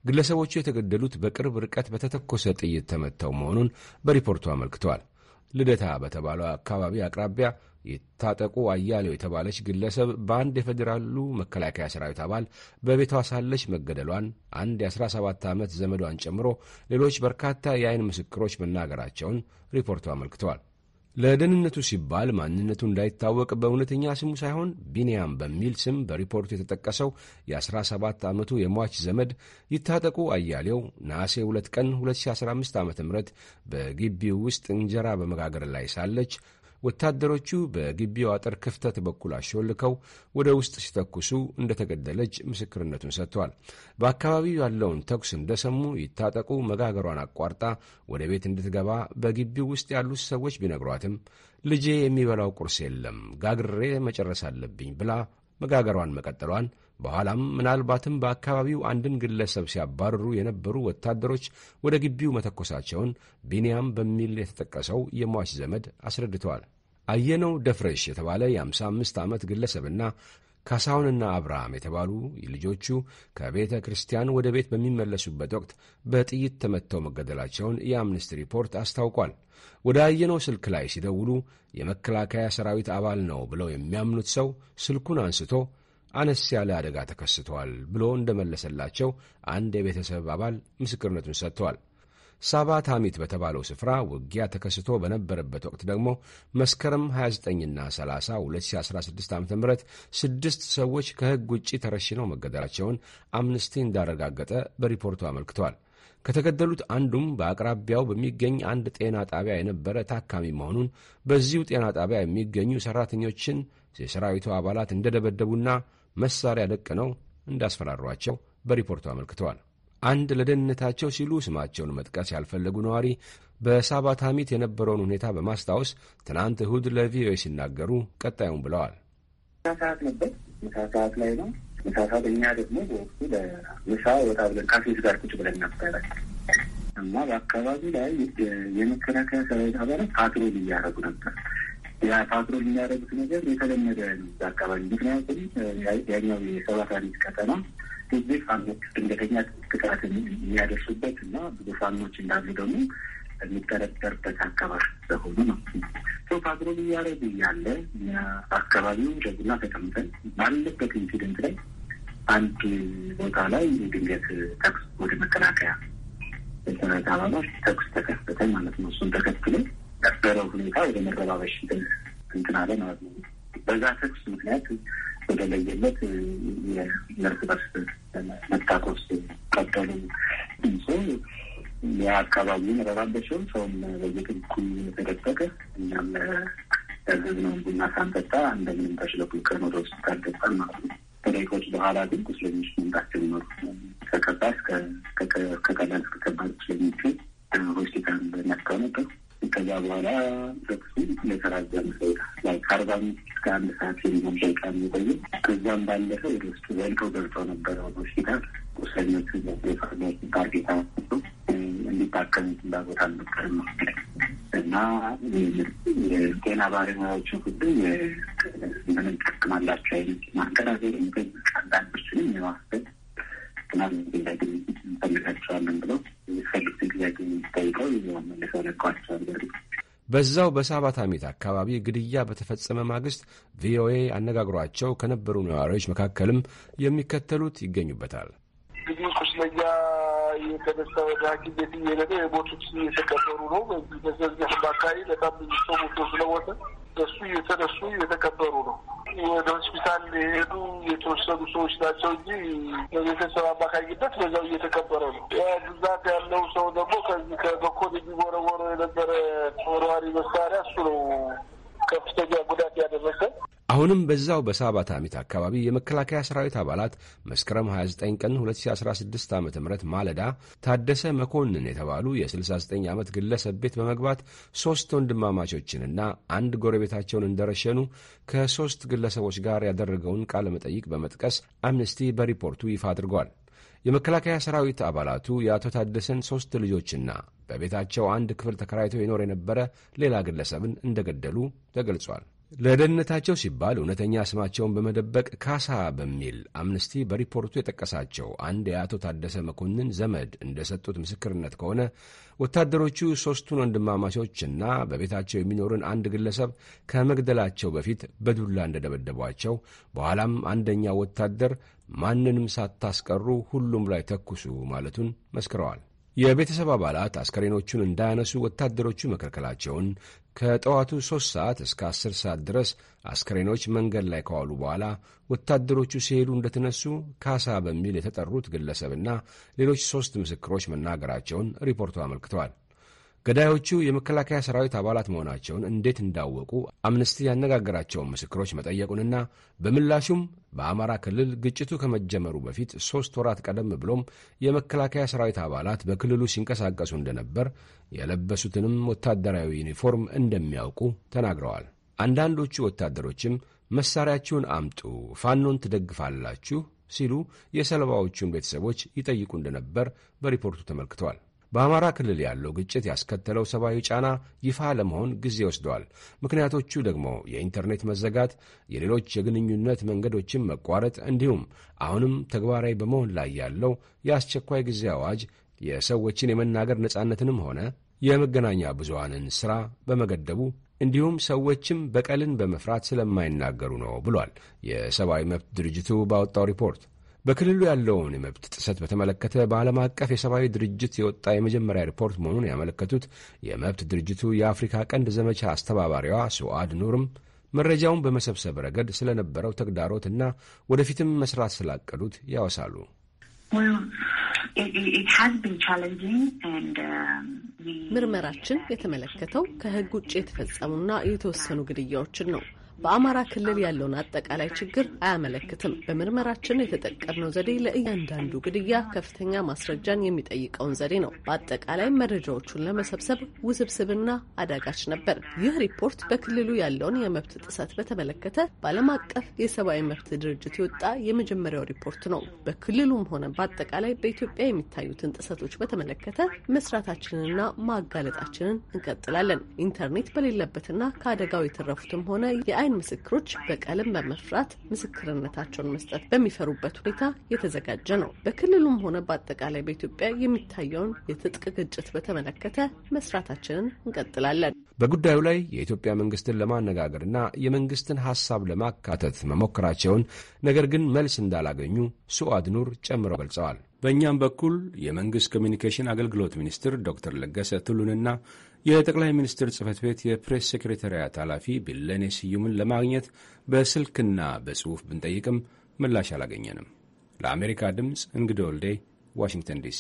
S7: ግለሰቦቹ የተገደሉት በቅርብ ርቀት በተተኮሰ ጥይት ተመተው መሆኑን በሪፖርቱ አመልክተዋል። ልደታ በተባለው አካባቢ አቅራቢያ የታጠቁ አያሌው የተባለች ግለሰብ በአንድ የፌዴራሉ መከላከያ ሰራዊት አባል በቤቷ ሳለች መገደሏን አንድ የ17 ዓመት ዘመዷን ጨምሮ ሌሎች በርካታ የአይን ምስክሮች መናገራቸውን ሪፖርቱ አመልክተዋል። ለደህንነቱ ሲባል ማንነቱ እንዳይታወቅ በእውነተኛ ስሙ ሳይሆን ቢንያም በሚል ስም በሪፖርቱ የተጠቀሰው የ17 ዓመቱ የሟች ዘመድ ይታጠቁ አያሌው ነሐሴ 2 ቀን 2015 ዓ ም በግቢው ውስጥ እንጀራ በመጋገር ላይ ሳለች ወታደሮቹ በግቢው አጥር ክፍተት በኩል አሾልከው ወደ ውስጥ ሲተኩሱ እንደተገደለች ምስክርነቱን ሰጥቷል። በአካባቢው ያለውን ተኩስ እንደሰሙ ይታጠቁ መጋገሯን አቋርጣ ወደ ቤት እንድትገባ በግቢው ውስጥ ያሉት ሰዎች ቢነግሯትም ልጄ የሚበላው ቁርስ የለም፣ ጋግሬ መጨረስ አለብኝ ብላ መጋገሯን መቀጠሏን በኋላም ምናልባትም በአካባቢው አንድን ግለሰብ ሲያባርሩ የነበሩ ወታደሮች ወደ ግቢው መተኮሳቸውን ቢንያም በሚል የተጠቀሰው የሟች ዘመድ አስረድተዋል። አየነው ደፍረሽ የተባለ የ55 ዓመት ግለሰብና ካሳሁንና አብርሃም የተባሉ ልጆቹ ከቤተ ክርስቲያን ወደ ቤት በሚመለሱበት ወቅት በጥይት ተመትተው መገደላቸውን የአምነስቲ ሪፖርት አስታውቋል። ወደ አየነው ስልክ ላይ ሲደውሉ የመከላከያ ሰራዊት አባል ነው ብለው የሚያምኑት ሰው ስልኩን አንስቶ አነስ ያለ አደጋ ተከስተዋል ብሎ እንደመለሰላቸው አንድ የቤተሰብ አባል ምስክርነቱን ሰጥተዋል። ሳባ ታሚት በተባለው ስፍራ ውጊያ ተከስቶ በነበረበት ወቅት ደግሞ መስከረም 29ና 30 2016 ዓ ም ስድስት ሰዎች ከሕግ ውጪ ተረሽነው መገደላቸውን አምነስቲ እንዳረጋገጠ በሪፖርቱ አመልክተዋል። ከተገደሉት አንዱም በአቅራቢያው በሚገኝ አንድ ጤና ጣቢያ የነበረ ታካሚ መሆኑን በዚሁ ጤና ጣቢያ የሚገኙ ሠራተኞችን የሰራዊቱ አባላት እንደደበደቡና መሳሪያ ደቅነው እንዳስፈራሯቸው በሪፖርቱ አመልክተዋል። አንድ ለደህንነታቸው ሲሉ ስማቸውን መጥቀስ ያልፈለጉ ነዋሪ በሳባታሚት የነበረውን ሁኔታ በማስታወስ ትናንት እሁድ ለቪኦኤ ሲናገሩ ቀጣዩም ብለዋል።
S9: ምሳ ሰዓት ነበር። ምሳ ሰዓት ላይ ነው። ምሳ ሰዓት እኛ ደግሞ በወቅቱ ለምሳ ወጣ ብለን ካፌዎች ጋር ቁጭ ብለን ነበረ እና በአካባቢ ላይ የመከላከያ ሰራዊት አባላት ፓትሮል እያደረጉ ነበር። ፓትሮል የሚያደርጉት ነገር የተለመደ አካባቢ። ምክንያቱም ያኛው የሰባ ታሪክ ቀጠና ህዝብ ፋኖች ድንገተኛ ጥቃት የሚያደርሱበት እና ብዙ ፋኖች እንዳሉ ደግሞ የሚጠረጠርበት አካባቢ ስለሆኑ ነው። ሰው ፓትሮል እያደረጉ እያለ አካባቢው ደጉና ተቀምጠን ባለበት ኢንሲደንት ላይ አንድ ቦታ ላይ የድንገት ተኩስ ወደ መከላከያ ተኩስ ተከፈተ ማለት ነው። እሱን ተከትሎ ከበረው ሁኔታ ወደ መረባበሽ እንትን አለ ማለት ነው። በዛ ተኩስ ምክንያት ወደ ለየለት የእርስ በርስ መታኮስ ቀጠሉ። ሶ የአካባቢ ረባበሸውን ሰውም በየቅልኩ የተደበቀ እኛም ያዘዝነውን ቡና ሳንጠጣ እንደምንም ተሽለኩልከን ወደ ውስጥ ገባን ማለት ነው። ከደቂቆች በኋላ ግን ቁስለኞች መምጣት ጀመሩ። ከከባድ ከቀላል እስከከባድ ቁስለኞቹ ሆስፒታል መጥተው ነበር። ከዛ በኋላ ተኩሱ እንደተራዘመ ላይ ከአርባ አምስት እስከ አንድ ሰዓት የሚሆን ደቂቃ የሚቆየ ከዛም ባለፈ ወደ ውስጡ ዘልቀው ገብተው ነበረ ሆስፒታል ቁሰኞቹ የፈርሞች ታርጌታ እንዲታከሙ ፍላጎት ነው እና የጤና ባለሙያዎቹ ሁሉ ምንም ጠቅማላቸው አላቸው አይነት ማንቀራገር አንዳንዶችንም የማስገድ ትናንት እንዲያገኙ እንፈልጋቸዋለን ብለው የሚፈልጉት እንዲያገኙ ጠይቀው ይዘውን መልሰው
S10: ለቀዋቸዋል።
S7: በዛው በሳባት በሳባታሜት አካባቢ ግድያ በተፈጸመ ማግስት ቪኦኤ አነጋግሯቸው ከነበሩ ነዋሪዎች መካከልም የሚከተሉት ይገኙበታል።
S8: ብዙ ቁስለኛ የተነሳ ወደ ሐኪም ቤት እየሄደ ነው። የሞቱት እየተቀበሩ ነው። በዚህ በዚህ አካባቢ በጣም ብዙ ሰው ሞቶ ስለሞተ እንደሱ የተነሱ የተቀበሩ
S11: ነው። ወደ ሆስፒታል የሄዱ የተወሰዱ ሰዎች ናቸው እንጂ በቤተሰብ አማካኝነት በዛው እየተቀበረ ነው። ብዛት ያለው ሰው ደግሞ ከዚህ ከበኮድ የሚወረወረው የነበረ ተወርዋሪ መሳሪያ እሱ ነው ከፍተኛ ጉዳት ያደረሰ
S7: አሁንም በዛው በሳባ ታሚት አካባቢ የመከላከያ ሰራዊት አባላት መስከረም 29 ቀን 2016 ዓ ም ማለዳ ታደሰ መኮንን የተባሉ የ69 ዓመት ግለሰብ ቤት በመግባት ሦስት ወንድማማቾችንና አንድ ጎረቤታቸውን እንደረሸኑ ከሦስት ግለሰቦች ጋር ያደረገውን ቃለ መጠይቅ በመጥቀስ አምነስቲ በሪፖርቱ ይፋ አድርጓል። የመከላከያ ሰራዊት አባላቱ የአቶ ታደሰን ሦስት ልጆችና በቤታቸው አንድ ክፍል ተከራይቶ ይኖር የነበረ ሌላ ግለሰብን እንደገደሉ ተገልጿል። ለደህንነታቸው ሲባል እውነተኛ ስማቸውን በመደበቅ ካሳ በሚል አምነስቲ በሪፖርቱ የጠቀሳቸው አንድ የአቶ ታደሰ መኮንን ዘመድ እንደሰጡት ምስክርነት ከሆነ ወታደሮቹ ሦስቱን ወንድማማቾችና በቤታቸው የሚኖርን አንድ ግለሰብ ከመግደላቸው በፊት በዱላ እንደደበደቧቸው፣ በኋላም አንደኛ ወታደር ማንንም ሳታስቀሩ ሁሉም ላይ ተኩሱ ማለቱን መስክረዋል። የቤተሰብ አባላት አስከሬኖቹን እንዳያነሱ ወታደሮቹ መከልከላቸውን ከጠዋቱ ሦስት ሰዓት እስከ አስር ሰዓት ድረስ አስከሬኖች መንገድ ላይ ከዋሉ በኋላ ወታደሮቹ ሲሄዱ እንደተነሱ ካሳ በሚል የተጠሩት ግለሰብና ሌሎች ሦስት ምስክሮች መናገራቸውን ሪፖርቱ አመልክተዋል። ገዳዮቹ የመከላከያ ሰራዊት አባላት መሆናቸውን እንዴት እንዳወቁ አምነስቲ ያነጋገራቸውን ምስክሮች መጠየቁንና በምላሹም በአማራ ክልል ግጭቱ ከመጀመሩ በፊት ሦስት ወራት ቀደም ብሎም የመከላከያ ሰራዊት አባላት በክልሉ ሲንቀሳቀሱ እንደነበር የለበሱትንም ወታደራዊ ዩኒፎርም እንደሚያውቁ ተናግረዋል። አንዳንዶቹ ወታደሮችም መሳሪያችሁን አምጡ፣ ፋኖን ትደግፋላችሁ ሲሉ የሰለባዎቹን ቤተሰቦች ይጠይቁ እንደነበር በሪፖርቱ ተመልክተዋል። በአማራ ክልል ያለው ግጭት ያስከተለው ሰብአዊ ጫና ይፋ ለመሆን ጊዜ ወስዷል። ምክንያቶቹ ደግሞ የኢንተርኔት መዘጋት፣ የሌሎች የግንኙነት መንገዶችን መቋረጥ እንዲሁም አሁንም ተግባራዊ በመሆን ላይ ያለው የአስቸኳይ ጊዜ አዋጅ የሰዎችን የመናገር ነጻነትንም ሆነ የመገናኛ ብዙሃንን ሥራ በመገደቡ እንዲሁም ሰዎችም በቀልን በመፍራት ስለማይናገሩ ነው ብሏል የሰብአዊ መብት ድርጅቱ ባወጣው ሪፖርት። በክልሉ ያለውን የመብት ጥሰት በተመለከተ በዓለም አቀፍ የሰብአዊ ድርጅት የወጣ የመጀመሪያ ሪፖርት መሆኑን ያመለከቱት የመብት ድርጅቱ የአፍሪካ ቀንድ ዘመቻ አስተባባሪዋ ስዋድ ኑርም መረጃውን በመሰብሰብ ረገድ ስለነበረው ተግዳሮት እና ወደፊትም መስራት ስላቀዱት ያወሳሉ።
S2: um, ምርመራችን የተመለከተው ከሕግ ውጭ የተፈጸሙና የተወሰኑ ግድያዎችን ነው። በአማራ ክልል ያለውን አጠቃላይ ችግር አያመለክትም። በምርመራችን የተጠቀምነው ዘዴ ለእያንዳንዱ ግድያ ከፍተኛ ማስረጃን የሚጠይቀውን ዘዴ ነው። በአጠቃላይ መረጃዎቹን ለመሰብሰብ ውስብስብና አዳጋች ነበር። ይህ ሪፖርት በክልሉ ያለውን የመብት ጥሰት በተመለከተ በዓለም አቀፍ የሰብአዊ መብት ድርጅት የወጣ የመጀመሪያው ሪፖርት ነው። በክልሉም ሆነ በአጠቃላይ በኢትዮጵያ የሚታዩትን ጥሰቶች በተመለከተ መስራታችንንና ማጋለጣችንን እንቀጥላለን። ኢንተርኔት በሌለበትና ከአደጋው የተረፉትም ሆነ የአይ የአይን ምስክሮች በቀለም በመፍራት ምስክርነታቸውን መስጠት በሚፈሩበት ሁኔታ የተዘጋጀ ነው። በክልሉም ሆነ በአጠቃላይ በኢትዮጵያ የሚታየውን የትጥቅ ግጭት በተመለከተ መስራታችንን እንቀጥላለን።
S7: በጉዳዩ ላይ የኢትዮጵያ መንግስትን ለማነጋገርና የመንግስትን ሀሳብ ለማካተት መሞከራቸውን ነገር ግን መልስ እንዳላገኙ ሱአድ ኑር ጨምረው ገልጸዋል። በእኛም በኩል የመንግስት ኮሚኒኬሽን አገልግሎት ሚኒስትር ዶክተር ለገሰ ቱሉንና የጠቅላይ ሚኒስትር ጽህፈት ቤት የፕሬስ ሴክሬታሪያት ኃላፊ ቢለኔ ስዩምን ለማግኘት በስልክና በጽሑፍ ብንጠይቅም ምላሽ አላገኘንም። ለአሜሪካ ድምፅ እንግዳ ወልዴ ዋሽንግተን ዲሲ።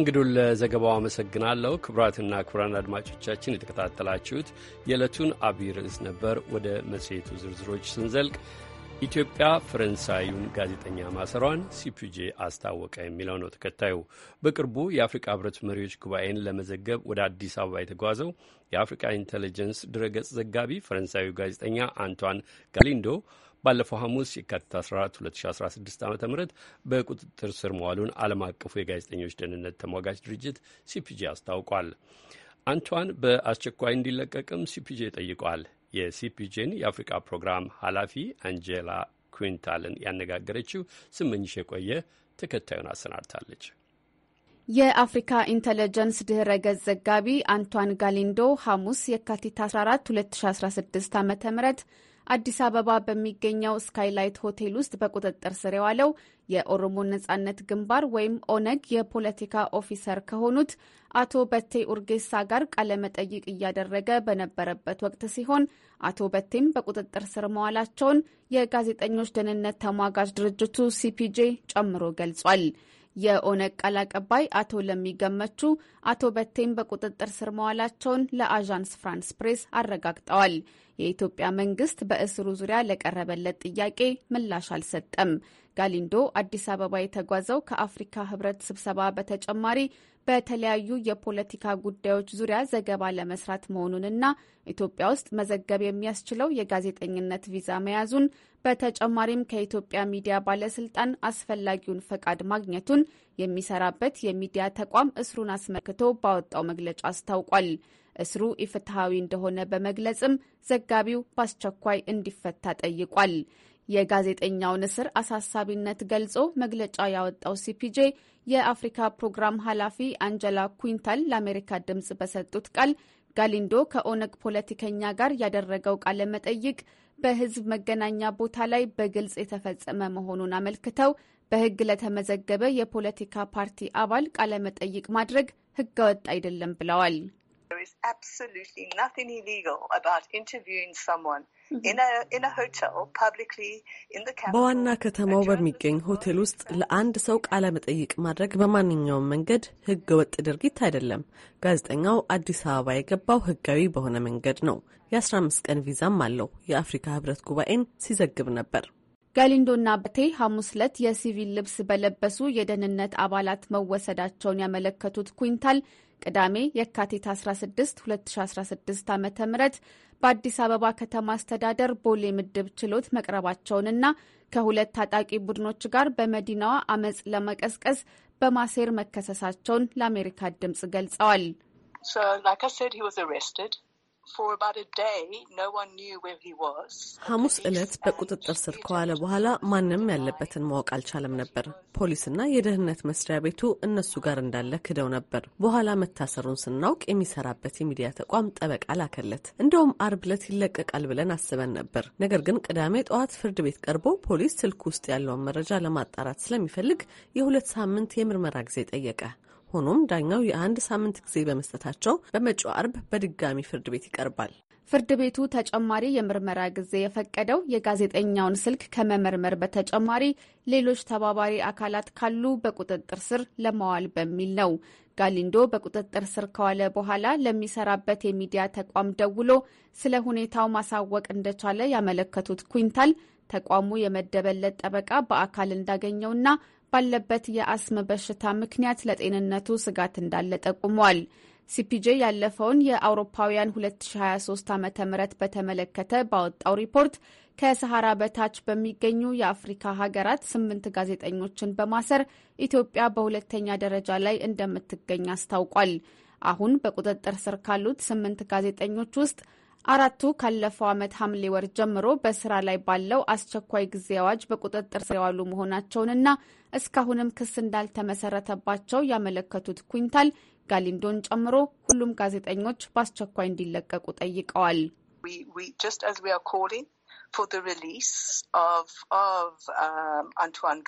S1: እንግዱን ለዘገባው አመሰግናለሁ። ክቡራትና ክቡራን አድማጮቻችን የተከታተላችሁት የዕለቱን አብይ ርዕስ ነበር። ወደ መጽሔቱ ዝርዝሮች ስንዘልቅ ኢትዮጵያ ፈረንሳዩን ጋዜጠኛ ማሰሯን ሲፒጄ አስታወቀ የሚለው ነው ተከታዩ። በቅርቡ የአፍሪካ ህብረት መሪዎች ጉባኤን ለመዘገብ ወደ አዲስ አበባ የተጓዘው የአፍሪካ ኢንቴሊጀንስ ድረገጽ ዘጋቢ ፈረንሳዩ ጋዜጠኛ አንቷን ጋሊንዶ ባለፈው ሐሙስ የካቲት 14 2016 ዓ ም በቁጥጥር ስር መዋሉን ዓለም አቀፉ የጋዜጠኞች ደህንነት ተሟጋች ድርጅት ሲፒጄ አስታውቋል። አንቷን በአስቸኳይ እንዲለቀቅም ሲፒጄ ጠይቋል። የሲፒጄን የአፍሪቃ ፕሮግራም ኃላፊ አንጀላ ኩንታልን ያነጋገረችው ስመኝሽ የቆየ ተከታዩን አሰናድታለች።
S12: የአፍሪካ ኢንተለጀንስ ድህረ ገጽ ዘጋቢ አንቷን ጋሊንዶ ሐሙስ የካቲት 14 2016 ዓ ም አዲስ አበባ በሚገኘው ስካይላይት ሆቴል ውስጥ በቁጥጥር ስር የዋለው የኦሮሞ ነጻነት ግንባር ወይም ኦነግ የፖለቲካ ኦፊሰር ከሆኑት አቶ በቴ ኡርጌሳ ጋር ቃለመጠይቅ እያደረገ በነበረበት ወቅት ሲሆን አቶ በቴም በቁጥጥር ስር መዋላቸውን የጋዜጠኞች ደህንነት ተሟጋች ድርጅቱ ሲፒጄ ጨምሮ ገልጿል። የኦነግ ቃል አቀባይ አቶ ለሚገመቹ አቶ በቴም በቁጥጥር ስር መዋላቸውን ለአዣንስ ፍራንስ ፕሬስ አረጋግጠዋል። የኢትዮጵያ መንግስት በእስሩ ዙሪያ ለቀረበለት ጥያቄ ምላሽ አልሰጠም። ጋሊንዶ አዲስ አበባ የተጓዘው ከአፍሪካ ህብረት ስብሰባ በተጨማሪ በተለያዩ የፖለቲካ ጉዳዮች ዙሪያ ዘገባ ለመስራት መሆኑንና ኢትዮጵያ ውስጥ መዘገብ የሚያስችለው የጋዜጠኝነት ቪዛ መያዙን በተጨማሪም ከኢትዮጵያ ሚዲያ ባለስልጣን አስፈላጊውን ፈቃድ ማግኘቱን የሚሰራበት የሚዲያ ተቋም እስሩን አስመልክቶ ባወጣው መግለጫ አስታውቋል። እስሩ ኢፍትሐዊ እንደሆነ በመግለጽም ዘጋቢው በአስቸኳይ እንዲፈታ ጠይቋል። የጋዜጠኛውን እስር አሳሳቢነት ገልጾ መግለጫ ያወጣው ሲፒጄ የአፍሪካ ፕሮግራም ኃላፊ አንጀላ ኩንታል ለአሜሪካ ድምፅ በሰጡት ቃል ጋሊንዶ ከኦነግ ፖለቲከኛ ጋር ያደረገው ቃለ መጠይቅ በሕዝብ መገናኛ ቦታ ላይ በግልጽ የተፈጸመ መሆኑን አመልክተው በሕግ ለተመዘገበ የፖለቲካ ፓርቲ አባል ቃለ መጠይቅ ማድረግ ሕገወጥ አይደለም ብለዋል። በዋና ከተማው በሚገኝ
S2: ሆቴል ውስጥ ለአንድ ሰው ቃለ መጠይቅ ማድረግ በማንኛውም መንገድ ሕገ ወጥ ድርጊት አይደለም። ጋዜጠኛው አዲስ አበባ የገባው ሕጋዊ በሆነ መንገድ ነው። የ የ15 ቀን ቪዛም አለው። የአፍሪካ ህብረት ጉባኤን ሲዘግብ ነበር።
S12: ጋሊንዶና በቴ ሐሙስ ዕለት የሲቪል ልብስ በለበሱ የደህንነት አባላት መወሰዳቸውን ያመለከቱት ኩንታል ቅዳሜ የካቲት 16 2016 ዓ ም በአዲስ አበባ ከተማ አስተዳደር ቦሌ ምድብ ችሎት መቅረባቸውንና ከሁለት ታጣቂ ቡድኖች ጋር በመዲናዋ አመፅ ለመቀስቀስ በማሴር መከሰሳቸውን ለአሜሪካ ድምፅ ገልጸዋል።
S2: ሐሙስ ዕለት በቁጥጥር ስር ከዋለ በኋላ ማንም ያለበትን ማወቅ አልቻለም ነበር። ፖሊስና የደህንነት መስሪያ ቤቱ እነሱ ጋር እንዳለ ክደው ነበር። በኋላ መታሰሩን ስናውቅ የሚሰራበት የሚዲያ ተቋም ጠበቃ ላከለት። እንደውም አርብ ዕለት ይለቀቃል ብለን አስበን ነበር። ነገር ግን ቅዳሜ ጠዋት ፍርድ ቤት ቀርቦ ፖሊስ ስልክ ውስጥ ያለውን መረጃ ለማጣራት ስለሚፈልግ የሁለት ሳምንት የምርመራ ጊዜ ጠየቀ። ሆኖም ዳኛው የአንድ ሳምንት ጊዜ በመስጠታቸው በመጪው አርብ በድጋሚ ፍርድ ቤት ይቀርባል።
S12: ፍርድ ቤቱ ተጨማሪ የምርመራ ጊዜ የፈቀደው የጋዜጠኛውን ስልክ ከመመርመር በተጨማሪ ሌሎች ተባባሪ አካላት ካሉ በቁጥጥር ስር ለማዋል በሚል ነው። ጋሊንዶ በቁጥጥር ስር ከዋለ በኋላ ለሚሰራበት የሚዲያ ተቋም ደውሎ ስለ ሁኔታው ማሳወቅ እንደቻለ ያመለከቱት ኩንታል ተቋሙ የመደበለት ጠበቃ በአካል እንዳገኘውና ባለበት የአስም በሽታ ምክንያት ለጤንነቱ ስጋት እንዳለ ጠቁሟል። ሲፒጄ ያለፈውን የአውሮፓውያን 2023 ዓ ም በተመለከተ ባወጣው ሪፖርት ከሰሐራ በታች በሚገኙ የአፍሪካ ሀገራት ስምንት ጋዜጠኞችን በማሰር ኢትዮጵያ በሁለተኛ ደረጃ ላይ እንደምትገኝ አስታውቋል። አሁን በቁጥጥር ስር ካሉት ስምንት ጋዜጠኞች ውስጥ አራቱ ካለፈው ዓመት ሐምሌ ወር ጀምሮ በስራ ላይ ባለው አስቸኳይ ጊዜ አዋጅ በቁጥጥር ስር የዋሉ መሆናቸውንና እስካሁንም ክስ እንዳልተመሰረተባቸው ያመለከቱት ኩኝታል ጋሊንዶን ጨምሮ ሁሉም ጋዜጠኞች በአስቸኳይ እንዲለቀቁ ጠይቀዋል።
S2: አንቷን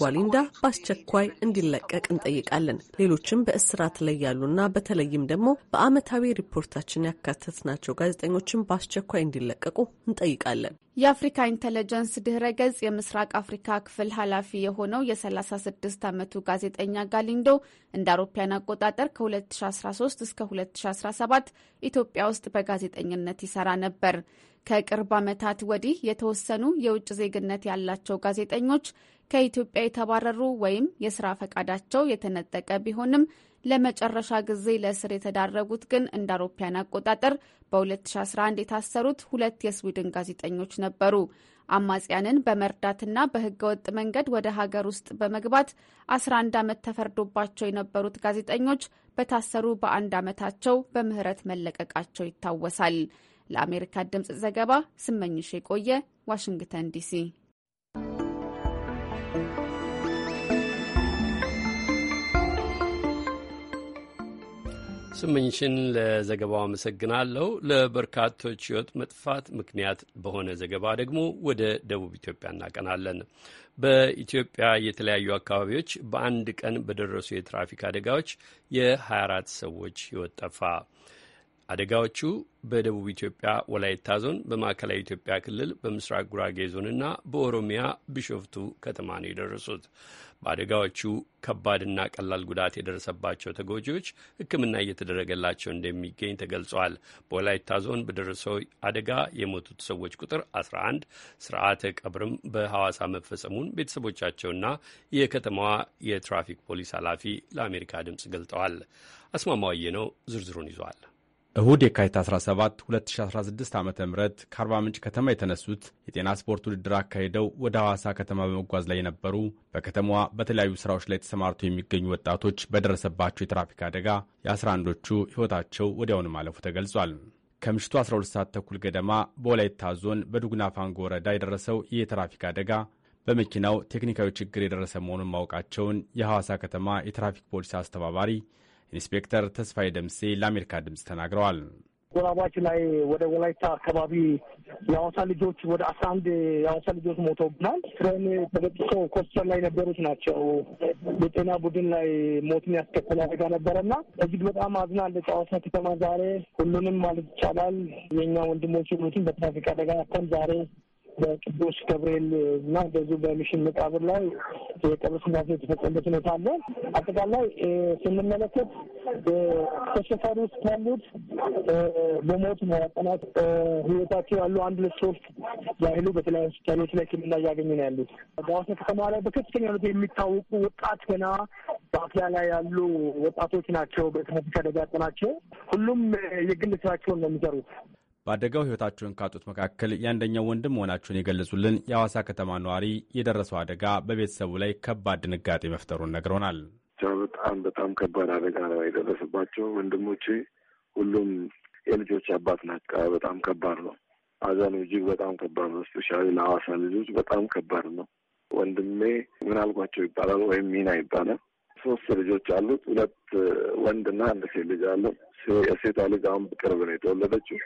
S2: ጓሊንዳ um, በአስቸኳይ እንዲለቀቅ እንጠይቃለን። ሌሎችም በእስራት ላይ ያሉና በተለይም ደግሞ በአመታዊ ሪፖርታችን ያካተትናቸው ጋዜጠኞችን በአስቸኳይ እንዲለቀቁ እንጠይቃለን።
S12: የአፍሪካ ኢንቴሊጀንስ ድህረ ገጽ የምስራቅ አፍሪካ ክፍል ኃላፊ የሆነው የ36 ዓመቱ ጋዜጠኛ ጋሊንዶ እንደ አውሮፓያን አቆጣጠር ከ2013 እስከ 2017 ኢትዮጵያ ውስጥ በጋዜጠኝነት ይሰራ ነበር። ከቅርብ ዓመታት ወዲህ የተወሰኑ የውጭ ዜግነት ያላቸው ጋዜጠኞች ከኢትዮጵያ የተባረሩ ወይም የስራ ፈቃዳቸው የተነጠቀ ቢሆንም ለመጨረሻ ጊዜ ለእስር የተዳረጉት ግን እንደ አውሮፓያን አቆጣጠር በ2011 የታሰሩት ሁለት የስዊድን ጋዜጠኞች ነበሩ። አማጽያንን በመርዳትና በህገወጥ መንገድ ወደ ሀገር ውስጥ በመግባት 11 ዓመት ተፈርዶባቸው የነበሩት ጋዜጠኞች በታሰሩ በአንድ ዓመታቸው በምህረት መለቀቃቸው ይታወሳል። ለአሜሪካ ድምፅ ዘገባ ስመኝሽ የቆየ ዋሽንግተን ዲሲ።
S1: ስምኝሽን ለዘገባው አመሰግናለሁ። ለበርካቶች ሕይወት መጥፋት ምክንያት በሆነ ዘገባ ደግሞ ወደ ደቡብ ኢትዮጵያ እናቀናለን። በኢትዮጵያ የተለያዩ አካባቢዎች በአንድ ቀን በደረሱ የትራፊክ አደጋዎች የ24 ሰዎች ሕይወት ጠፋ። አደጋዎቹ በደቡብ ኢትዮጵያ ወላይታ ዞን፣ በማዕከላዊ ኢትዮጵያ ክልል በምስራቅ ጉራጌ ዞንና በኦሮሚያ ቢሾፍቱ ከተማ ነው የደረሱት። በአደጋዎቹ ከባድና ቀላል ጉዳት የደረሰባቸው ተጎጂዎች ሕክምና እየተደረገላቸው እንደሚገኝ ተገልጿል። በወላይታ ዞን በደረሰው አደጋ የሞቱት ሰዎች ቁጥር 11፣ ስርዓተ ቀብርም በሐዋሳ መፈጸሙን ቤተሰቦቻቸውና የከተማዋ የትራፊክ ፖሊስ ኃላፊ ለአሜሪካ ድምፅ ገልጠዋል። አስማማው ነው ዝርዝሩን ይዟል።
S6: እሁድ የካቲት 17 2016 ዓ ም ከአርባ ምንጭ ከተማ የተነሱት የጤና ስፖርት ውድድር አካሂደው ወደ ሐዋሳ ከተማ በመጓዝ ላይ የነበሩ በከተማዋ በተለያዩ ስራዎች ላይ ተሰማርተው የሚገኙ ወጣቶች በደረሰባቸው የትራፊክ አደጋ የ11ዶቹ ሕይወታቸው ወዲያውን ማለፉ ተገልጿል። ከምሽቱ 12 ሰዓት ተኩል ገደማ በወላይታ ዞን በዱጉና ፋንጎ ወረዳ የደረሰው ይህ የትራፊክ አደጋ በመኪናው ቴክኒካዊ ችግር የደረሰ መሆኑን ማወቃቸውን የሐዋሳ ከተማ የትራፊክ ፖሊስ አስተባባሪ ኢንስፔክተር ተስፋዬ ደምሴ ለአሜሪካ ድምፅ ተናግረዋል።
S8: ጎራባች ላይ ወደ ወላይታ አካባቢ የአዋሳ ልጆች ወደ አስራ አንድ የአዋሳ ልጆች ሞተውብናል። ትሬን ተበጥሶ ኮስተር ላይ ነበሩት ናቸው። የጤና ቡድን ላይ ሞትን ያስከተለ አደጋ ነበረና እጅግ በጣም አዝናለች አዋሳ ከተማ ዛሬ ሁሉንም ማለት ይቻላል የኛ ወንድሞች ሁሉትን በትራፊክ አደጋ ያተን ዛሬ በቅዱስ ገብርኤል እና በዙ በሚሽን መቃብር ላይ የቀብር ስናሴ የተፈጸመበት ሁኔታ አለ። አጠቃላይ ስንመለከት ተሸፋሪ ውስጥ ካሉት በሞት መጠናት ህይወታቸው ያሉ አንድ ሁለት ሶስት ያህሉ በተለያዩ ሆስፒታሎች ላይ ሕክምና እያገኙ ነው ያሉት። በሐዋሳ ከተማ ላይ በከፍተኛ ሁኔታ የሚታወቁ ወጣት ገና በአፍላ ላይ ያሉ ወጣቶች ናቸው። በትራፊክ አደጋ ናቸው። ሁሉም የግል ስራቸውን ነው የሚሰሩት።
S6: በአደጋው ሕይወታቸውን ካጡት መካከል የአንደኛው ወንድም መሆናቸውን የገለጹልን የሐዋሳ ከተማ ነዋሪ የደረሰው አደጋ በቤተሰቡ ላይ ከባድ ድንጋጤ መፍጠሩን ነግረውናል። በጣም በጣም
S9: ከባድ አደጋ ነው የደረሰባቸው። ወንድሞቼ ሁሉም የልጆች አባት ናቃ በጣም ከባድ ነው። አዘኑ እጅግ በጣም ከባድ ነው። ስፔሻሊ ለሐዋሳ ልጆች በጣም ከባድ ነው። ወንድሜ ምን አልኳቸው ይባላል ወይም ሚና ይባላል። ሶስት ልጆች አሉት። ሁለት ወንድና አንድ ሴት ልጅ አለው። የሴቷ ልጅ አሁን ቅርብ ነው የተወለደችው።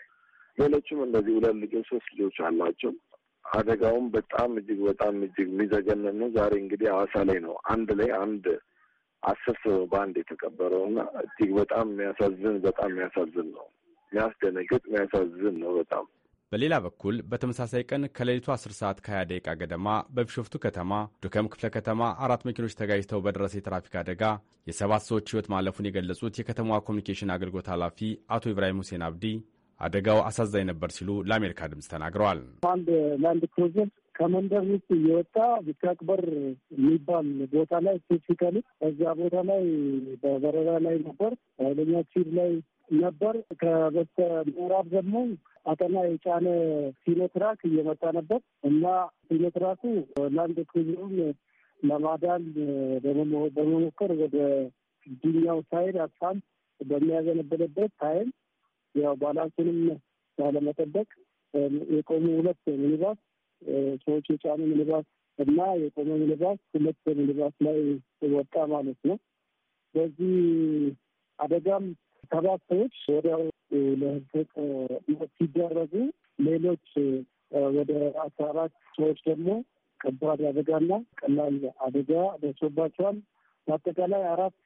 S9: ሌሎችም እንደዚህ ሁለት ልጆች ሶስት ልጆች አላቸው። አደጋውም በጣም እጅግ በጣም እጅግ የሚዘገንን ነው። ዛሬ እንግዲህ ሐዋሳ ላይ ነው አንድ ላይ አንድ አስር ሰው በአንድ የተቀበረው እና እጅግ በጣም የሚያሳዝን በጣም የሚያሳዝን ነው። የሚያስደነግጥ የሚያሳዝን ነው በጣም።
S6: በሌላ በኩል በተመሳሳይ ቀን ከሌሊቱ 10 ሰዓት ከ20 ደቂቃ ገደማ በቢሾፍቱ ከተማ ዱከም ክፍለ ከተማ አራት መኪኖች ተጋጅተው በደረሰ የትራፊክ አደጋ የሰባት ሰዎች ሕይወት ማለፉን የገለጹት የከተማዋ ኮሚኒኬሽን አገልግሎት ኃላፊ አቶ ኢብራሂም ሁሴን አብዲ አደጋው አሳዛኝ ነበር ሲሉ ለአሜሪካ ድምፅ ተናግረዋል።
S8: አንድ ላንድ ክሩዘር ከመንደር ውስጥ እየወጣ ብቻቅበር የሚባል ቦታ ላይ ቴክኒካል እዚያ ቦታ ላይ በበረራ ላይ ነበር። ኃይለኛ ቺድ ላይ ነበር። ከበስተ ምዕራብ ደግሞ አጠና የጫነ ሲኖትራክ እየመጣ ነበር እና ሲኖትራኩ ላንድ ክሩዘሩን ለማዳን በመሞከር ወደ ዲኛው ሳይድ አስፋልት በሚያዘነበለበት ታይም ያው ባላንሱንም ባለመጠበቅ የቆሙ ሁለት ሚኒባስ ሰዎች የጫኑ ሚኒባስ እና የቆመ ሚኒባስ ሁለት ሚኒባስ ላይ ወጣ ማለት ነው። በዚህ አደጋም ሰባት ሰዎች ወዲያው ለህልፈት ሲደረጉ ሌሎች ወደ አስራ አራት ሰዎች ደግሞ ከባድ አደጋና ቀላል አደጋ ደርሶባቸዋል። በአጠቃላይ አራት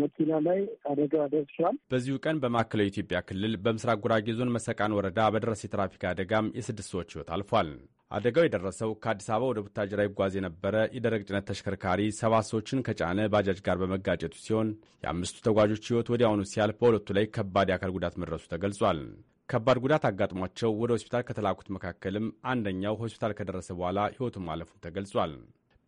S8: መኪና ላይ አደጋ ደርሷል።
S6: በዚሁ ቀን በማዕከላዊ ኢትዮጵያ ክልል በምስራቅ ጉራጌ ዞን መሰቃን ወረዳ በደረሰ የትራፊክ አደጋም የስድስት ሰዎች ሕይወት አልፏል። አደጋው የደረሰው ከአዲስ አበባ ወደ ቡታጅራ ይጓዝ የነበረ የደረቅ ጭነት ተሽከርካሪ ሰባት ሰዎችን ከጫነ ባጃጅ ጋር በመጋጨቱ ሲሆን የአምስቱ ተጓዦች ሕይወት ወዲያውኑ ሲያልፍ በሁለቱ ላይ ከባድ የአካል ጉዳት መድረሱ ተገልጿል። ከባድ ጉዳት አጋጥሟቸው ወደ ሆስፒታል ከተላኩት መካከልም አንደኛው ሆስፒታል ከደረሰ በኋላ ህይወቱ ማለፉ ተገልጿል።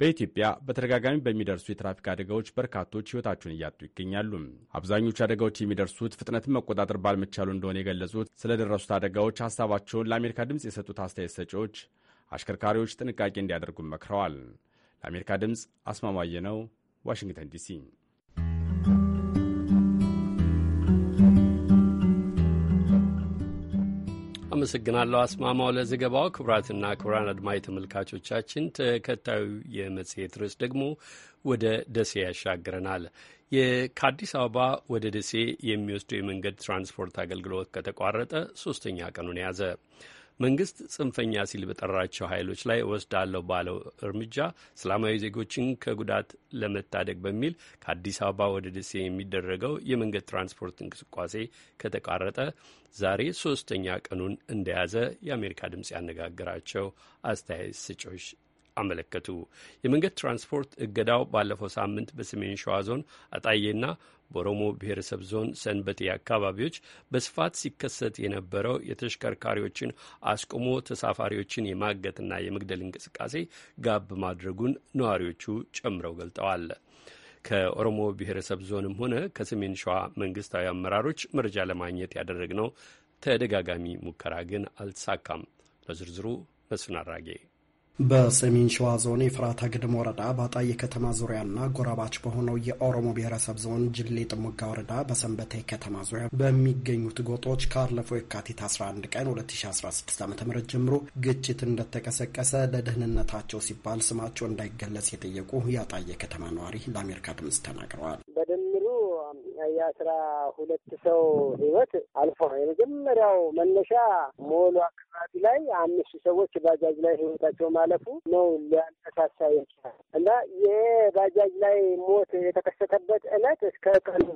S6: በኢትዮጵያ በተደጋጋሚ በሚደርሱ የትራፊክ አደጋዎች በርካቶች ሕይወታቸውን እያጡ ይገኛሉ። አብዛኞቹ አደጋዎች የሚደርሱት ፍጥነትን መቆጣጠር ባልመቻሉ እንደሆነ የገለጹት ስለደረሱት አደጋዎች ሀሳባቸውን ለአሜሪካ ድምፅ የሰጡት አስተያየት ሰጪዎች አሽከርካሪዎች ጥንቃቄ እንዲያደርጉም መክረዋል። ለአሜሪካ ድምፅ አስማማየ ነው፣ ዋሽንግተን ዲሲ አመሰግናለሁ
S1: አስማማው ለዘገባው። ክቡራትና ክቡራን አድማጭ ተመልካቾቻችን ተከታዩ የመጽሔት ርዕስ ደግሞ ወደ ደሴ ያሻግረናል። ከአዲስ አበባ ወደ ደሴ የሚወስደው የመንገድ ትራንስፖርት አገልግሎት ከተቋረጠ ሶስተኛ ቀኑን የያዘ መንግስት ጽንፈኛ ሲል በጠራቸው ኃይሎች ላይ ወስዳለሁ ባለው እርምጃ ሰላማዊ ዜጎችን ከጉዳት ለመታደግ በሚል ከአዲስ አበባ ወደ ደሴ የሚደረገው የመንገድ ትራንስፖርት እንቅስቃሴ ከተቋረጠ ዛሬ ሶስተኛ ቀኑን እንደያዘ የአሜሪካ ድምፅ ያነጋገራቸው አስተያየት ሰጪዎች አመለከቱ። የመንገድ ትራንስፖርት እገዳው ባለፈው ሳምንት በሰሜን ሸዋ ዞን አጣዬና በኦሮሞ ብሔረሰብ ዞን ሰንበቴ አካባቢዎች በስፋት ሲከሰት የነበረው የተሽከርካሪዎችን አስቆሞ ተሳፋሪዎችን የማገትና የመግደል እንቅስቃሴ ጋብ ማድረጉን ነዋሪዎቹ ጨምረው ገልጠዋል። ከኦሮሞ ብሔረሰብ ዞንም ሆነ ከሰሜን ሸዋ መንግስታዊ አመራሮች መረጃ ለማግኘት ያደረግነው ተደጋጋሚ ሙከራ ግን አልተሳካም። ለዝርዝሩ መስፍን አራጌ
S13: በሰሜን ሸዋ ዞን የፍራታ ግድም ወረዳ በአጣዬ ከተማ ዙሪያና ጎራባች በሆነው የኦሮሞ ብሔረሰብ ዞን ጅሌ ጥሙጋ ወረዳ በሰንበታይ ከተማ ዙሪያ በሚገኙት ጎጦች ካለፈው የካቲት 11 ቀን 2016 ዓ ም ጀምሮ ግጭት እንደተቀሰቀሰ ለደህንነታቸው ሲባል ስማቸው እንዳይገለጽ የጠየቁ የአጣዬ ከተማ ነዋሪ ለአሜሪካ ድምፅ ተናግረዋል።
S11: የአስራ ሁለት ሰው ህይወት አልፏል። የመጀመሪያው መነሻ ሞሉ አካባቢ ላይ አምስቱ ሰዎች ባጃጅ ላይ ህይወታቸው ማለፉ ነው ሊያነሳሳ ይችላል እና ይሄ ባጃጅ ላይ ሞት የተከሰተበት እለት እስከ ቀኑ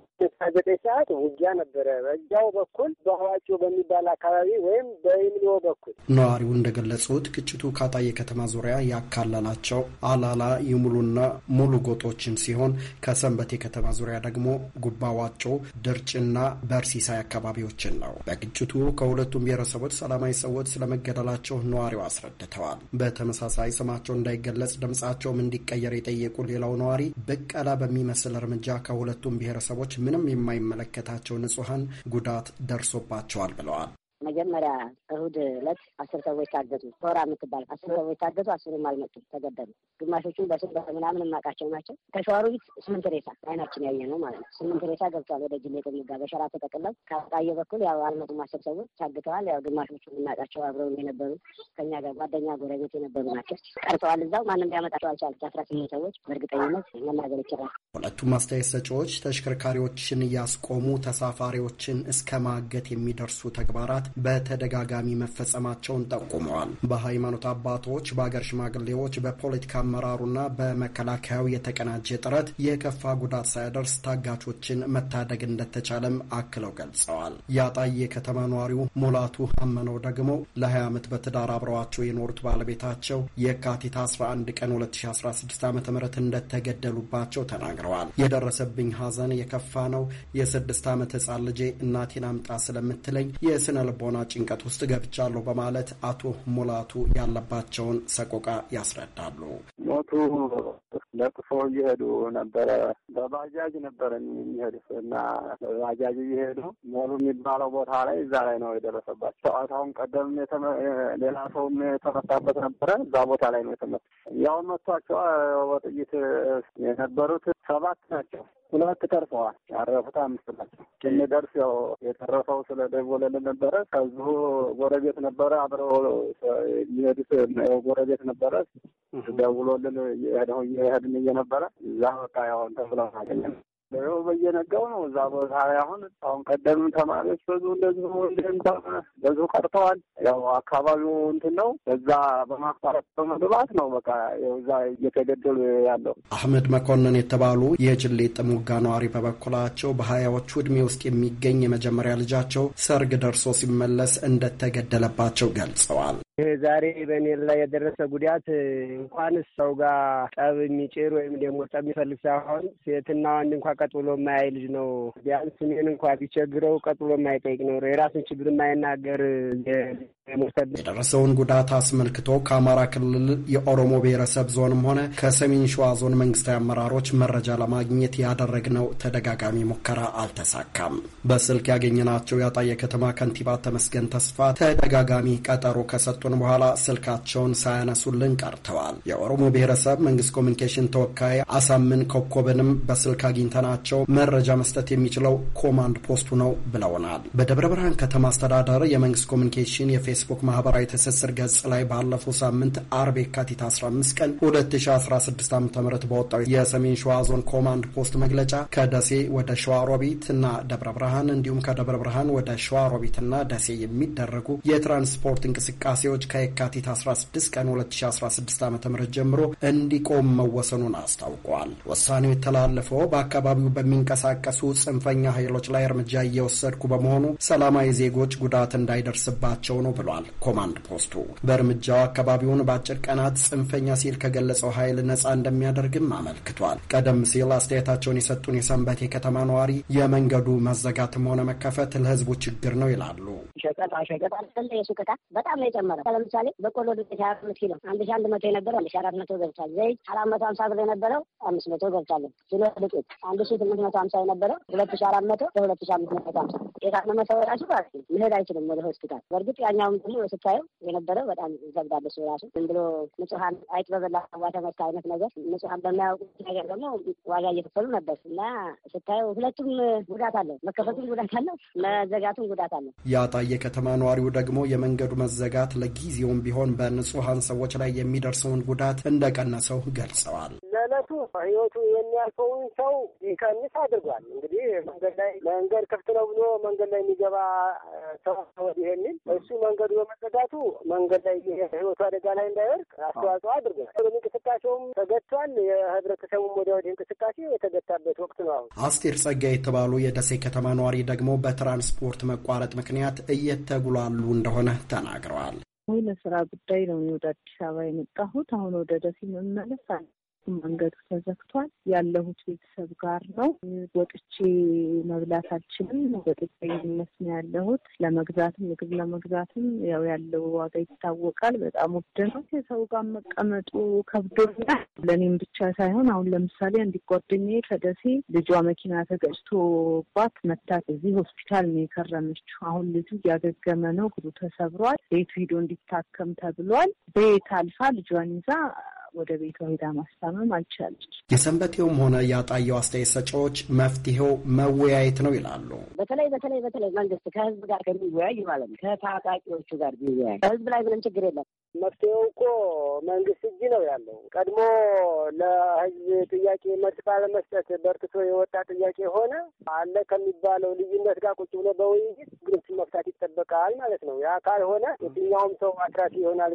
S11: ዘጠኝ ሰዓት ውጊያ ነበረ። በዚያው በኩል በአዋጮ በሚባል አካባቢ ወይም በኢምኒዮ
S13: በኩል ነዋሪው እንደገለጹት ግጭቱ ካጣዬ ከተማ ዙሪያ ያካለላቸው አላላ የሙሉና ሙሉ ጎጦችን ሲሆን ከሰንበቴ ከተማ ዙሪያ ደግሞ ጉባዋ ያነሷቸው ድርጭና በርሲሳይ አካባቢዎችን ነው። በግጭቱ ከሁለቱም ብሔረሰቦች ሰላማዊ ሰዎች ስለመገደላቸው ነዋሪው አስረድተዋል። በተመሳሳይ ስማቸው እንዳይገለጽ ድምፃቸውም እንዲቀየር የጠየቁ ሌላው ነዋሪ በቀላ በሚመስል እርምጃ ከሁለቱም ብሔረሰቦች ምንም የማይመለከታቸው ንጹሐን ጉዳት ደርሶባቸዋል ብለዋል።
S14: መጀመሪያ እሁድ ዕለት አስር ሰዎች ታገቱ። ቶራ የምትባል አስር ሰዎች ታገቱ። አስሩም አልመጡ ተገደሉ። ግማሾቹን በስም በምናምን የማውቃቸው ናቸው። ከሸዋሩ ቢት ስምንት ሬሳ አይናችን ያየ ነው ማለት ነው። ስምንት ሬሳ ገብቷል ወደ ጅሌ ጥሙጋ በሸራ ተጠቅለው ከአቃየ በኩል ያው አልመጡም። አስር ሰዎች ታግተዋል። ያው ግማሾቹ የምናውቃቸው አብረው የነበሩ ከኛ ጋር ጓደኛ ጎረቤት የነበሩ ናቸው። ቀርተዋል እዛው ማንም ሊያመጣቸው አልቻለ። አስራ ስምንት ሰዎች በእርግጠኝነት መናገር ይችላል።
S13: ሁለቱም አስተያየት ሰጪዎች ተሽከርካሪዎችን እያስቆሙ ተሳፋሪዎችን እስከ ማገት የሚደርሱ ተግባራት በተደጋጋሚ መፈጸማቸውን ጠቁመዋል። በሃይማኖት አባቶች፣ በአገር ሽማግሌዎች፣ በፖለቲካ አመራሩና በመከላከያው የተቀናጀ ጥረት የከፋ ጉዳት ሳያደርስ ታጋቾችን መታደግ እንደተቻለም አክለው ገልጸዋል። የአጣዬ ከተማ ነዋሪው ሙላቱ አመነው ደግሞ ለ20 ዓመት በትዳር አብረዋቸው የኖሩት ባለቤታቸው የካቲት 11 ቀን 2016 ዓ ም እንደተገደሉባቸው ተናግረዋል። የደረሰብኝ ሐዘን የከፋ ነው። የስድስት ዓመት ህፃን ልጄ እናቴን አምጣ ስለምትለኝ የስነ ልቦ ልቦና ጭንቀት ውስጥ ገብቻለሁ በማለት አቶ ሙላቱ ያለባቸውን ሰቆቃ ያስረዳሉ።
S11: ሞቱ ለቅሶ እየሄዱ ነበረ። በባጃጅ ነበረ የሚሄዱ እና በባጃጅ እየሄዱ ሞሉ የሚባለው ቦታ ላይ እዛ ላይ ነው የደረሰባቸው። አሁን ቀደም ሌላ ሰውም የተመታበት ነበረ። እዛ ቦታ ላይ ነው የተመ ያው መቷቸው በጥይት የነበሩት ሰባት ናቸው። ሁለት ተርፈዋል። ያረፉት አምስት ናቸው። ስንደርስ ያው የተረፈው ስለ ደወለል ነበረ። ከዚሁ ጎረቤት ነበረ አብረው የሚሄዱት ጎረቤት ነበረ ደውሎልን ሄደው እየነበረ እዛ በቃ ያው ተብለው ይኸው በየነጋው ነው እዛ ቦታ ላይ አሁን አሁን ቀደም ተማሪዎች በዙ እንደዚሁ እንደምታ በዙ ቀርተዋል። ያው አካባቢው እንትን ነው በዛ በማቋረጥ በመግባት ነው በቃ ያው እዛ እየተገደሉ
S13: ያለው። አህመድ መኮንን የተባሉ የጅሌ ጥሙጋ ነዋሪ በበኩላቸው በሀያዎቹ እድሜ ውስጥ የሚገኝ የመጀመሪያ ልጃቸው ሰርግ ደርሶ ሲመለስ እንደተገደለባቸው
S15: ገልጸዋል።
S11: ይህ ዛሬ በእኔ ላይ የደረሰ ጉዳት እንኳን ሰው ጋር ጠብ የሚጭር ወይም ደግሞ ጠብ የሚፈልግ ሳይሆን ሴትና ወንድ እንኳ ቀጥሎ ብሎ የማያይ ልጅ ነው። ቢያንስ እኔን እንኳ ቢቸግረው ቀጥሎ የማይጠይቅ ነው። የራሱን ችግር የማይናገር
S13: የደረሰውን ጉዳት አስመልክቶ ከአማራ ክልል የኦሮሞ ብሔረሰብ ዞንም ሆነ ከሰሜን ሸዋ ዞን መንግስታዊ አመራሮች መረጃ ለማግኘት ያደረግነው ተደጋጋሚ ሙከራ አልተሳካም። በስልክ ያገኘናቸው የአጣየ ከተማ ከንቲባ ተመስገን ተስፋ ተደጋጋሚ ቀጠሮ ከሰጡን በኋላ ስልካቸውን ሳያነሱልን ቀርተዋል። የኦሮሞ ብሔረሰብ መንግስት ኮሚኒኬሽን ተወካይ አሳምን ኮኮብንም በስልክ አግኝተ። ለሚመጥናቸው መረጃ መስጠት የሚችለው ኮማንድ ፖስቱ ነው ብለውናል። በደብረ ብርሃን ከተማ አስተዳደር የመንግስት ኮሚኒኬሽን የፌስቡክ ማህበራዊ ትስስር ገጽ ላይ ባለፈው ሳምንት አርብ የካቲት 15 ቀን 2016 ዓ ም በወጣው የሰሜን ሸዋ ዞን ኮማንድ ፖስት መግለጫ ከደሴ ወደ ሸዋሮቢት እና ደብረ ብርሃን እንዲሁም ከደብረ ብርሃን ወደ እና ደሴ የሚደረጉ የትራንስፖርት እንቅስቃሴዎች ከየካቲት 16 ቀን 2016 ዓ ም ጀምሮ እንዲቆም መወሰኑን አስታውቋል። ውሳኔው የተላለፈው በአካባቢ አካባቢው በሚንቀሳቀሱ ጽንፈኛ ኃይሎች ላይ እርምጃ እየወሰድኩ በመሆኑ ሰላማዊ ዜጎች ጉዳት እንዳይደርስባቸው ነው ብሏል ኮማንድ ፖስቱ። በእርምጃው አካባቢውን በአጭር ቀናት ጽንፈኛ ሲል ከገለጸው ኃይል ነጻ እንደሚያደርግም አመልክቷል። ቀደም ሲል አስተያየታቸውን የሰጡን የሰንበት የከተማ ነዋሪ የመንገዱ መዘጋትም ሆነ መከፈት ለህዝቡ ችግር ነው ይላሉ።
S14: ሸቀጣ በጣም ነው የጨመረው። ለምሳሌ በቆሎ ዱቄት ሀያ አምስት ኪሎ አንድ ሺ አንድ መቶ የነበረው አንድ ሺ አራት መቶ ገብቷል። ዘይት አራት መቶ ሀምሳ ብር የነበረው አምስት መቶ ገብቷል። ኪሎ ዱቄት አንድ ሺ ስምንት መቶ ሀምሳ የነበረ ሁለት ሺ አራት መቶ ለሁለት ሺ አምስት መቶ ሀምሳ የታመመ ሰው ራሱ ባል መሄድ አይችልም ወደ ሆስፒታል። በእርግጥ ያኛውም ብሎ ስታየው የነበረ በጣም ይዘግዳለች። ራሱ ዝም ብሎ ንጹሀን አይጥ በበላ ዋ ተመታ አይነት ነገር ንጹሀን በማያውቁት ነገር ደግሞ ዋጋ እየከፈሉ ነበር እና ስታየው ሁለቱም ጉዳት አለው። መከፈቱም ጉዳት አለው፣ መዘጋቱም ጉዳት አለው።
S13: የአጣዬ ከተማ ነዋሪው ደግሞ የመንገዱ መዘጋት ለጊዜውም ቢሆን በንጹሀን ሰዎች ላይ የሚደርሰውን ጉዳት እንደቀነሰው ገልጸዋል።
S11: በእለቱ ህይወቱ የሚያልፈውን ሰው ይቀንስ አድርጓል። እንግዲህ መንገድ ላይ መንገድ ክፍት ነው ብሎ መንገድ ላይ የሚገባ ሰው ወዲህ የሚል እሱ መንገዱ በመዘጋቱ መንገድ ላይ ህይወቱ አደጋ ላይ እንዳይወርቅ አስተዋጽኦ አድርጓል። እንቅስቃሴውም ተገቷል። የህብረተሰቡም ወደ ወዲህ እንቅስቃሴ የተገታበት ወቅት ነው። አሁን
S13: አስቴር ጸጋ የተባሉ የደሴ ከተማ ነዋሪ ደግሞ በትራንስፖርት መቋረጥ ምክንያት እየተጉላሉ እንደሆነ ተናግረዋል።
S11: ወይ ለስራ ጉዳይ ነው ወደ አዲስ አበባ የመጣሁት። አሁን ወደ ደሴ መመለስ መንገዱ ተዘግቷል። ያለሁት ቤተሰብ ጋር ነው። ወጥቼ መብላት አልችልም። በጥገኝነት ነው ያለሁት። ለመግዛትም ምግብ ለመግዛትም ያው ያለው ዋጋ ይታወቃል። በጣም ውድ ነው። የሰው ጋር መቀመጡ ከብዶኛል። ለእኔም ብቻ ሳይሆን አሁን ለምሳሌ አንዲት ጓደኛዬ ከደሴ ልጇ መኪና ተገጭቶባት መታት። እዚህ ሆስፒታል ነው የከረመችው። አሁን ልጁ እያገገመ ነው። እግሩ ተሰብሯል። ቤቱ ሂዶ እንዲታከም ተብሏል። ቤት አልፋ ልጇን ይዛ ወደ ቤቷ ሄዳ ማስታመም
S13: አልቻለች። የሰንበቴውም ሆነ ያጣየው አስተያየት ሰጫዎች መፍትሄው መወያየት ነው ይላሉ።
S14: በተለይ በተለይ በተለይ መንግስት ከህዝብ ጋር ከሚወያይ ማለት ነው ከታጣቂዎቹ ጋር ቢወያይ ከህዝብ ላይ ምንም ችግር የለም።
S11: መፍትሄው እኮ መንግስት እጅ ነው ያለው። ቀድሞ ለህዝብ ጥያቄ መልስ ባለመስጠት በርትቶ የወጣ ጥያቄ ሆነ አለ ከሚባለው ልዩነት ጋር ቁጭ ብሎ በውይይት ችግሮችን መፍታት ይጠበቃል ማለት ነው። ያ ካልሆነ የትኛውም ሰው አትራፊ ይሆናል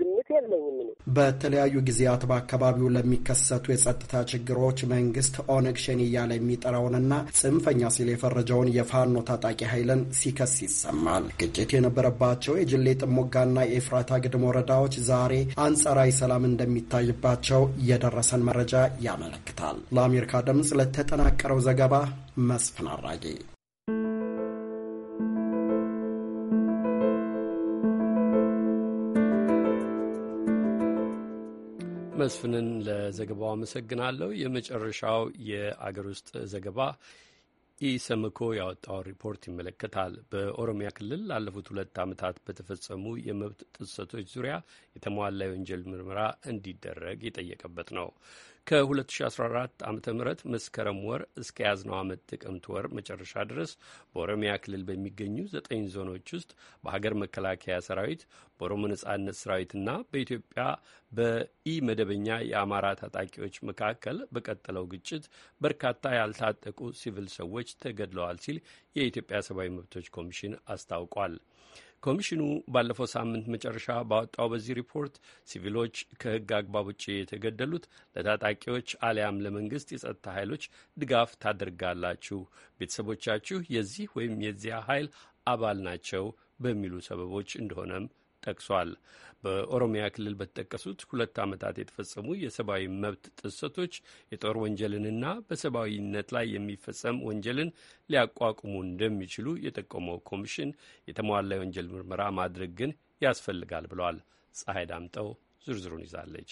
S11: ግምት የለኝም።
S13: በተለያዩ ጊዜያት በአካባቢው ለሚከሰቱ የጸጥታ ችግሮች መንግስት ኦነግ ሸኔ እያለ የሚጠራውንና ጽንፈኛ ሲል የፈረጀውን የፋኖ ታጣቂ ኃይልን ሲከስ ይሰማል። ግጭት የነበረባቸው የጅሌ ጥሞጋና የኤፍራታ ግድም ወረዳዎች ዛሬ አንጸራዊ ሰላም እንደሚታይባቸው የደረሰን መረጃ ያመለክታል። ለአሜሪካ ድምፅ ለተጠናቀረው ዘገባ መስፍን አራጌ
S1: መስፍንን ለዘገባው አመሰግናለሁ። የመጨረሻው የአገር ውስጥ ዘገባ ኢሰመኮ ያወጣው ሪፖርት ይመለከታል። በኦሮሚያ ክልል ላለፉት ሁለት ዓመታት በተፈጸሙ የመብት ጥሰቶች ዙሪያ የተሟላ የወንጀል ምርመራ እንዲደረግ የጠየቀበት ነው። ከ2014 ዓ ም መስከረም ወር እስከ ያዝነው ዓመት ጥቅምት ወር መጨረሻ ድረስ በኦሮሚያ ክልል በሚገኙ ዘጠኝ ዞኖች ውስጥ በሀገር መከላከያ ሰራዊት በኦሮሞ ነጻነት ሰራዊትና በኢትዮጵያ በኢ መደበኛ የአማራ ታጣቂዎች መካከል በቀጠለው ግጭት በርካታ ያልታጠቁ ሲቪል ሰዎች ተገድለዋል ሲል የኢትዮጵያ ሰብአዊ መብቶች ኮሚሽን አስታውቋል። ኮሚሽኑ ባለፈው ሳምንት መጨረሻ ባወጣው በዚህ ሪፖርት ሲቪሎች ከህግ አግባብ ውጭ የተገደሉት ለታጣቂዎች አሊያም ለመንግስት የጸጥታ ኃይሎች ድጋፍ ታደርጋላችሁ፣ ቤተሰቦቻችሁ የዚህ ወይም የዚያ ኃይል አባል ናቸው በሚሉ ሰበቦች እንደሆነም ጠቅሷል። በኦሮሚያ ክልል በተጠቀሱት ሁለት ዓመታት የተፈጸሙ የሰብአዊ መብት ጥሰቶች የጦር ወንጀልንና በሰብአዊነት ላይ የሚፈጸም ወንጀልን ሊያቋቁሙ እንደሚችሉ የጠቆመው ኮሚሽን የተሟላ የወንጀል ምርመራ ማድረግ ግን ያስፈልጋል ብለዋል። ፀሐይ ዳምጠው ዝርዝሩን ይዛለች።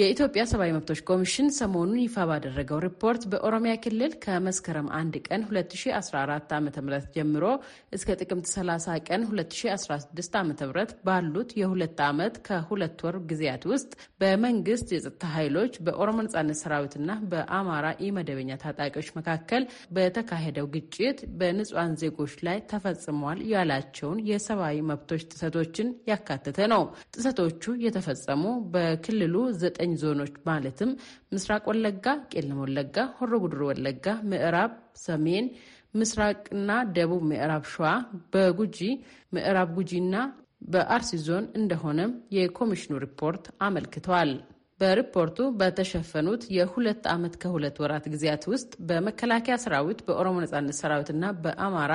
S15: የኢትዮጵያ ሰብአዊ መብቶች ኮሚሽን ሰሞኑን ይፋ ባደረገው ሪፖርት በኦሮሚያ ክልል ከመስከረም 1 ቀን 2014 ዓ ም ጀምሮ እስከ ጥቅምት 30 ቀን 2016 ዓ ም ባሉት የሁለት ዓመት ከሁለት ወር ጊዜያት ውስጥ በመንግስት የጸጥታ ኃይሎች በኦሮሞ ነጻነት ሰራዊትና በአማራ ኢመደበኛ ታጣቂዎች መካከል በተካሄደው ግጭት በንጹሐን ዜጎች ላይ ተፈጽሟል ያላቸውን የሰብአዊ መብቶች ጥሰቶችን ያካተተ ነው። ጥሰቶቹ የተፈጸሙ በክልሉ ዘጠኝ ዞኖች ማለትም ምስራቅ ወለጋ፣ ቄለም ወለጋ፣ ሆሮ ጉድሮ ወለጋ፣ ምዕራብ፣ ሰሜን ምስራቅና ደቡብ ምዕራብ ሸዋ በጉጂ ምዕራብ ጉጂና በአርሲ ዞን እንደሆነም የኮሚሽኑ ሪፖርት አመልክተዋል። በሪፖርቱ በተሸፈኑት የሁለት ዓመት ከሁለት ወራት ጊዜያት ውስጥ በመከላከያ ሰራዊት በኦሮሞ ነጻነት ሰራዊትና በአማራ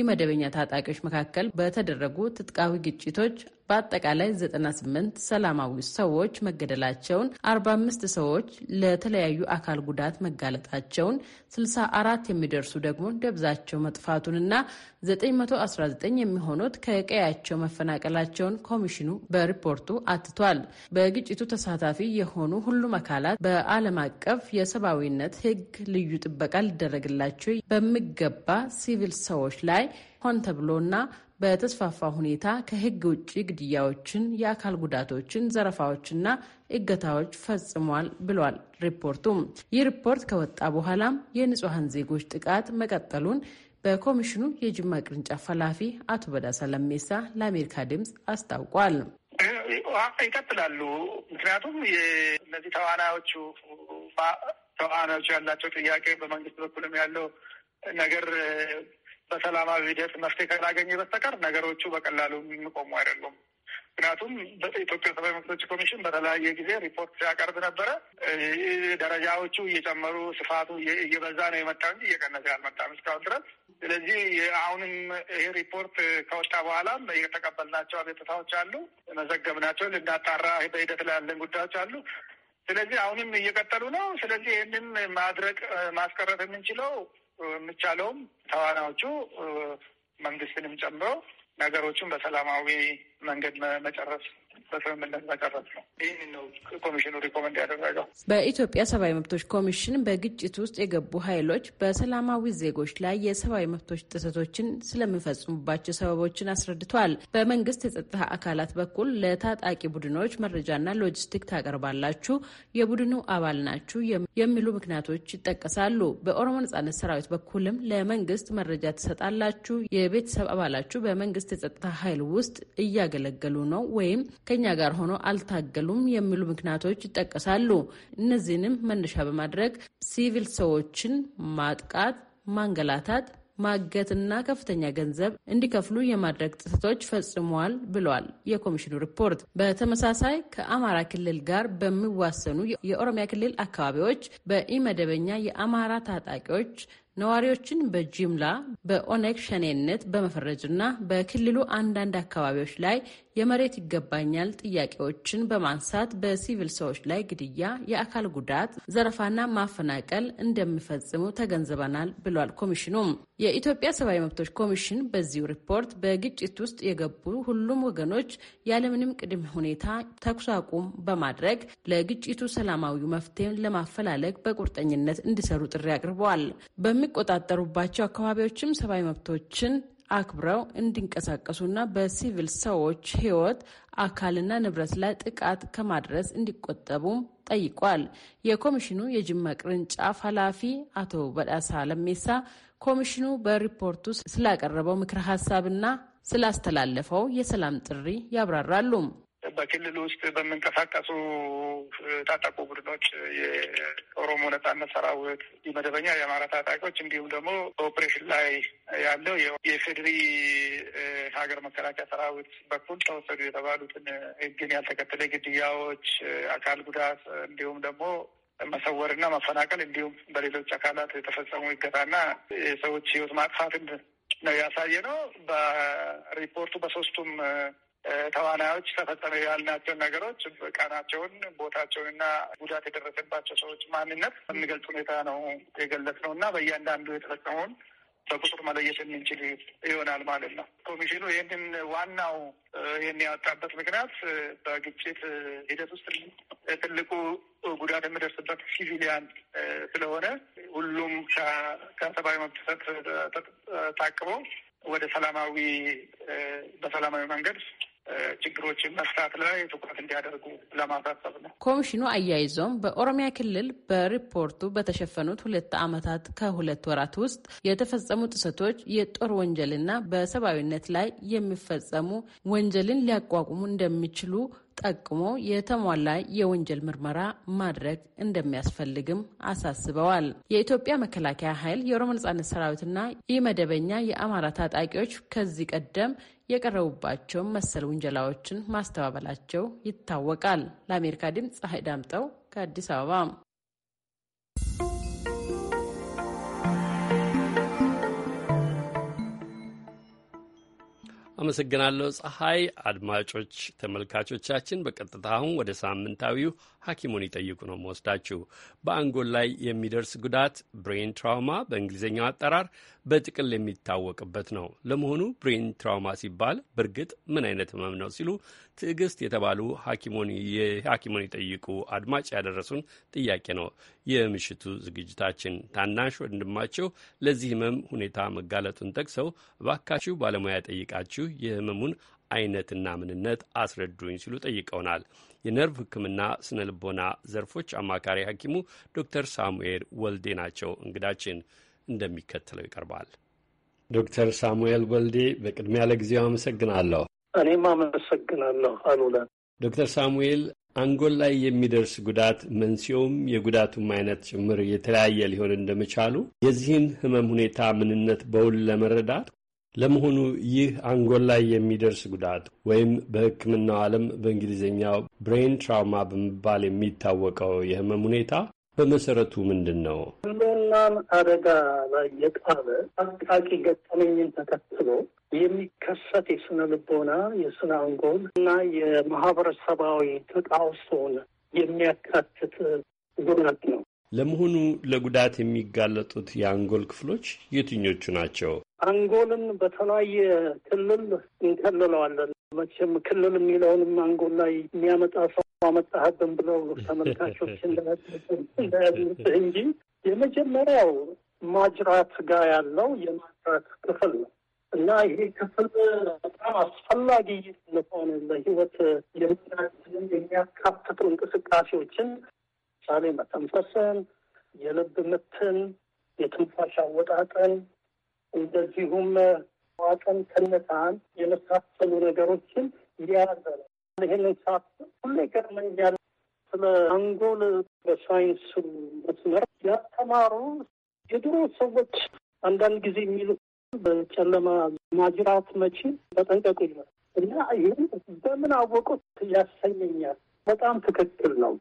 S15: ኢመደበኛ ታጣቂዎች መካከል በተደረጉ ትጥቃዊ ግጭቶች በአጠቃላይ 98 ሰላማዊ ሰዎች መገደላቸውን፣ 45 ሰዎች ለተለያዩ አካል ጉዳት መጋለጣቸውን፣ 64 የሚደርሱ ደግሞ ደብዛቸው መጥፋቱንና 919 የሚሆኑት ከቀያቸው መፈናቀላቸውን ኮሚሽኑ በሪፖርቱ አትቷል። በግጭቱ ተሳታፊ የሆኑ ሁሉም አካላት በዓለም አቀፍ የሰብአዊነት ሕግ ልዩ ጥበቃ ሊደረግላቸው በሚገባ ሲቪል ሰዎች ላይ ሆን ተብሎና በተስፋፋ ሁኔታ ከህግ ውጭ ግድያዎችን፣ የአካል ጉዳቶችን፣ ዘረፋዎችና እገታዎች ፈጽሟል ብሏል ሪፖርቱም። ይህ ሪፖርት ከወጣ በኋላም የንጹሐን ዜጎች ጥቃት መቀጠሉን በኮሚሽኑ የጅማ ቅርንጫፍ ኃላፊ አቶ በዳ ሰለሜሳ ለአሜሪካ ድምፅ አስታውቋል።
S5: ይቀጥላሉ። ምክንያቱም እነዚህ ተዋናዮቹ ተዋናዮቹ ያላቸው ጥያቄ በመንግስት በኩልም ያለው ነገር በሰላማዊ ሂደት መፍትሄ ካላገኘ በስተቀር ነገሮቹ በቀላሉ የሚቆሙ አይደሉም። ምክንያቱም በኢትዮጵያ ሰብአዊ መብቶች ኮሚሽን በተለያየ ጊዜ ሪፖርት ሲያቀርብ ነበረ። ደረጃዎቹ እየጨመሩ ስፋቱ እየበዛ ነው የመጣ እንጂ እየቀነሰ ያልመጣም እስካሁን ድረስ። ስለዚህ አሁንም ይህ ሪፖርት ከወጣ በኋላም የተቀበልናቸው አቤቱታዎች አሉ፣ መዘገብናቸው፣ ልናጣራ በሂደት ላይ ያለን ጉዳዮች አሉ። ስለዚህ አሁንም እየቀጠሉ ነው። ስለዚህ ይህንን ማድረግ ማስቀረት የምንችለው የሚቻለውም ተዋናዎቹ መንግስትንም ጨምሮ ነገሮቹን በሰላማዊ መንገድ መጨረስ በስምምነት መሰረት ነው። ይህን ነው ኮሚሽኑ ሪኮመንድ ያደረገው።
S15: በኢትዮጵያ ሰብአዊ መብቶች ኮሚሽን በግጭት ውስጥ የገቡ ኃይሎች በሰላማዊ ዜጎች ላይ የሰብአዊ መብቶች ጥሰቶችን ስለሚፈጽሙባቸው ሰበቦችን አስረድተዋል። በመንግስት የጸጥታ አካላት በኩል ለታጣቂ ቡድኖች መረጃና ሎጂስቲክ ታቀርባላችሁ፣ የቡድኑ አባል ናችሁ የሚሉ ምክንያቶች ይጠቀሳሉ። በኦሮሞ ነጻነት ሰራዊት በኩልም ለመንግስት መረጃ ትሰጣላችሁ፣ የቤተሰብ አባላችሁ በመንግስት የጸጥታ ኃይል ውስጥ እያገለገሉ ነው ወይም ከ ከኛ ጋር ሆኖ አልታገሉም የሚሉ ምክንያቶች ይጠቀሳሉ። እነዚህንም መነሻ በማድረግ ሲቪል ሰዎችን ማጥቃት፣ ማንገላታት፣ ማገትና ከፍተኛ ገንዘብ እንዲከፍሉ የማድረግ ጥሰቶች ፈጽሟል ብለዋል የኮሚሽኑ ሪፖርት። በተመሳሳይ ከአማራ ክልል ጋር በሚዋሰኑ የኦሮሚያ ክልል አካባቢዎች በኢመደበኛ የአማራ ታጣቂዎች ነዋሪዎችን በጅምላ በኦነግ ሸኔነት በመፈረጅና በክልሉ አንዳንድ አካባቢዎች ላይ የመሬት ይገባኛል ጥያቄዎችን በማንሳት በሲቪል ሰዎች ላይ ግድያ፣ የአካል ጉዳት፣ ዘረፋና ማፈናቀል እንደሚፈጽሙ ተገንዝበናል ብሏል ኮሚሽኑም። የኢትዮጵያ ሰብአዊ መብቶች ኮሚሽን በዚሁ ሪፖርት በግጭት ውስጥ የገቡ ሁሉም ወገኖች ያለምንም ቅድመ ሁኔታ ተኩስ አቁም በማድረግ ለግጭቱ ሰላማዊ መፍትሄን ለማፈላለግ በቁርጠኝነት እንዲሰሩ ጥሪ አቅርበዋል። በሚቆጣጠሩባቸው አካባቢዎችም ሰብአዊ መብቶችን አክብረው እንዲንቀሳቀሱና በሲቪል ሰዎች ህይወት አካልና ንብረት ላይ ጥቃት ከማድረስ እንዲቆጠቡም ጠይቋል። የኮሚሽኑ የጅማ ቅርንጫፍ ኃላፊ አቶ በዳሳ ለሜሳ ኮሚሽኑ በሪፖርቱ ስላቀረበው ምክረ ሀሳብና ስላስተላለፈው የሰላም ጥሪ ያብራራሉ።
S5: በክልል ውስጥ በምንቀሳቀሱ ታጣቁ ቡድኖች የኦሮሞ ነጻነት ሰራዊት፣ የመደበኛ የአማራ ታጣቂዎች እንዲሁም ደግሞ በኦፕሬሽን ላይ ያለው የፌድሪ ሀገር መከላከያ ሰራዊት በኩል ተወሰዱ የተባሉትን ህግን ያልተከተለ ግድያዎች፣ አካል ጉዳት እንዲሁም ደግሞ መሰወርና መፈናቀል እንዲሁም በሌሎች አካላት የተፈጸሙ እገታና የሰዎች ህይወት ማጥፋትን ነው ያሳየ ነው። በሪፖርቱ በሶስቱም ተዋናዮች ተፈጸመ ያልናቸውን ነገሮች ቃናቸውን፣ ቦታቸውንና ጉዳት የደረሰባቸው ሰዎች ማንነት የሚገልጽ ሁኔታ ነው የገለጽ ነው እና በእያንዳንዱ የተፈጸመውን በቁጥር መለየት የምንችል ይሆናል ማለት ነው። ኮሚሽኑ ይህንን ዋናው ይህን ያወጣበት ምክንያት በግጭት ሂደት ውስጥ ትልቁ ጉዳት የምደርስበት ሲቪሊያን ስለሆነ ሁሉም ከሰብአዊ መብት ታቅቦ ወደ ሰላማዊ በሰላማዊ መንገድ
S15: ችግሮችን መፍታት ላይ ትኩረት እንዲያደርጉ ለማሳሰብ ነው። ኮሚሽኑ አያይዞም በኦሮሚያ ክልል በሪፖርቱ በተሸፈኑት ሁለት ዓመታት ከሁለት ወራት ውስጥ የተፈጸሙ ጥሰቶች የጦር ወንጀልና በሰብአዊነት ላይ የሚፈጸሙ ወንጀልን ሊያቋቁሙ እንደሚችሉ ጠቅሞ የተሟላ የወንጀል ምርመራ ማድረግ እንደሚያስፈልግም አሳስበዋል። የኢትዮጵያ መከላከያ ኃይል፣ የኦሮሞ ነጻነት ሰራዊትና ኢመደበኛ የአማራ ታጣቂዎች ከዚህ ቀደም የቀረቡባቸውን መሰል ውንጀላዎችን ማስተባበላቸው ይታወቃል። ለአሜሪካ ድምፅ ፀሐይ ዳምጠው ከአዲስ አበባ።
S1: አመሰግናለሁ ፀሐይ። አድማጮች ተመልካቾቻችን፣ በቀጥታ አሁን ወደ ሳምንታዊው ሐኪሙን ይጠይቁ ነው መወስዳችሁ። በአንጎል ላይ የሚደርስ ጉዳት ብሬን ትራውማ በእንግሊዝኛው አጠራር በጥቅል የሚታወቅበት ነው። ለመሆኑ ብሬን ትራውማ ሲባል በእርግጥ ምን አይነት ህመም ነው ሲሉ ትዕግስት የተባሉ ሐኪሙን ይጠይቁ አድማጭ ያደረሱን ጥያቄ ነው የምሽቱ ዝግጅታችን። ታናሽ ወንድማቸው ለዚህ ህመም ሁኔታ መጋለጡን ጠቅሰው እባካችሁ ባለሙያ ጠይቃችሁ የህመሙን አይነትና ምንነት አስረዱኝ ሲሉ ጠይቀውናል። የነርቭ ሕክምና ስነ ልቦና ዘርፎች አማካሪ ሐኪሙ ዶክተር ሳሙኤል ወልዴ ናቸው እንግዳችን። እንደሚከተለው ይቀርባል። ዶክተር ሳሙኤል ወልዴ በቅድሚያ ለጊዜው አመሰግናለሁ። እኔም
S10: አመሰግናለሁ
S8: አሉላ።
S1: ዶክተር ሳሙኤል አንጎል ላይ የሚደርስ ጉዳት መንስኤውም የጉዳቱም አይነት ጭምር የተለያየ ሊሆን እንደመቻሉ የዚህን ህመም ሁኔታ ምንነት በውል ለመረዳት ለመሆኑ ይህ አንጎል ላይ የሚደርስ ጉዳት ወይም በሕክምናው ዓለም በእንግሊዝኛው ብሬን ትራውማ በመባል የሚታወቀው የህመም ሁኔታ በመሰረቱ ምንድን ነው?
S10: ሕልውናን አደጋ ላይ የጣለ አቃቂ ገጠመኝን ተከትሎ የሚከሰት የስነ ልቦና፣ የስነ አንጎል እና የማህበረሰባዊ ተቃውሶን የሚያካትት ጉዳት ነው።
S1: ለመሆኑ ለጉዳት የሚጋለጡት የአንጎል ክፍሎች የትኞቹ ናቸው?
S10: አንጎልን በተለያየ ክልል እንከልለዋለን። መቼም ክልል የሚለውንም አንጎል ላይ የሚያመጣ ሰው አመጣህብን ብለው ተመልካቾች እንዳያዝንብህ እንጂ የመጀመሪያው ማጅራት ጋር ያለው የማጅራት ክፍል ነው እና ይሄ ክፍል በጣም አስፈላጊ ለሆነ ለህይወት የሚያካትቱ እንቅስቃሴዎችን ለምሳሌ መተንፈስን፣ የልብ ምትን፣ የትንፋሽ አወጣጠን እንደዚሁም ዋቀን ከነሳን የመሳሰሉ ነገሮችን የያዘ ነው። ይህንን ሰዓት ሁሌ ገርመኛል። ስለ አንጎል በሳይንሱ መስመር ያስተማሩ የድሮ ሰዎች አንዳንድ ጊዜ የሚሉት በጨለማ ማጅራት መቺ በጠንቀቁ ይላል እና ይህን በምን አወቁት ያሰኘኛል። በጣም ትክክል ነው።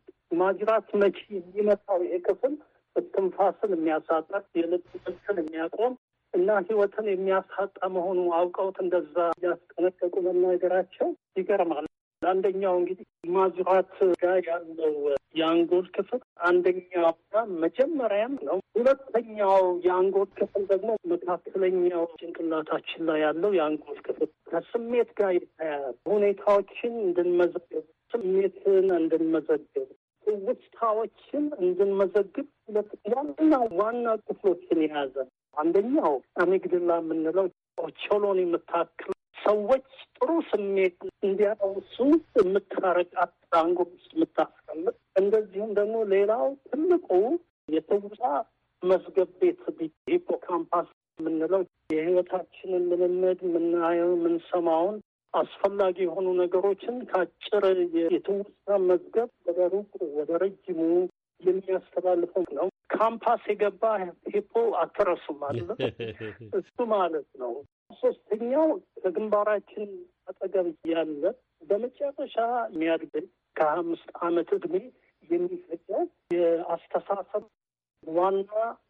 S10: ማጅራት መቼ የሚመጣው ይሄ ክፍል እስትንፋስን የሚያሳጠር የልብ ምትን የሚያቆም እና ህይወትን የሚያሳጣ መሆኑ አውቀውት እንደዛ እያስጠነቀቁ መናገራቸው ይገርማል። አንደኛው እንግዲህ ማጅራት ጋር ያለው የአንጎል ክፍል አንደኛውና መጀመሪያም ነው። ሁለተኛው የአንጎል ክፍል ደግሞ መካከለኛው ጭንቅላታችን ላይ ያለው የአንጎል ክፍል ከስሜት ጋር የተያያዘ ሁኔታዎችን እንድንመዘገብ ስሜትን እንድንመዘገብ ትውስታዎችን እንድንመዘግብ ሁለት ዋና ዋና ክፍሎችን የያዘ አንደኛው አሚግድላ የምንለው ኦቾሎን የምታክል ሰዎች ጥሩ ስሜት እንዲያውሱ የምታረግ አንጎ ውስጥ የምታስቀምጥ እንደዚሁም ደግሞ ሌላው ትልቁ የትውሳ መዝገብ ቤት ሂፖካምፓስ የምንለው የህይወታችንን ልምምድ የምናየው የምንሰማውን አስፈላጊ የሆኑ ነገሮችን ከአጭር የትውስታ መዝገብ ወደ ሩቅ ወደ ረጅሙ የሚያስተላልፈው ነው። ካምፓስ የገባ ሂፖ አትረሱም አለ እሱ ማለት ነው። ሶስተኛው ከግንባራችን አጠገብ ያለ በመጨረሻ የሚያድግን ከአምስት አመት እድሜ የሚፈጀው የአስተሳሰብ ዋና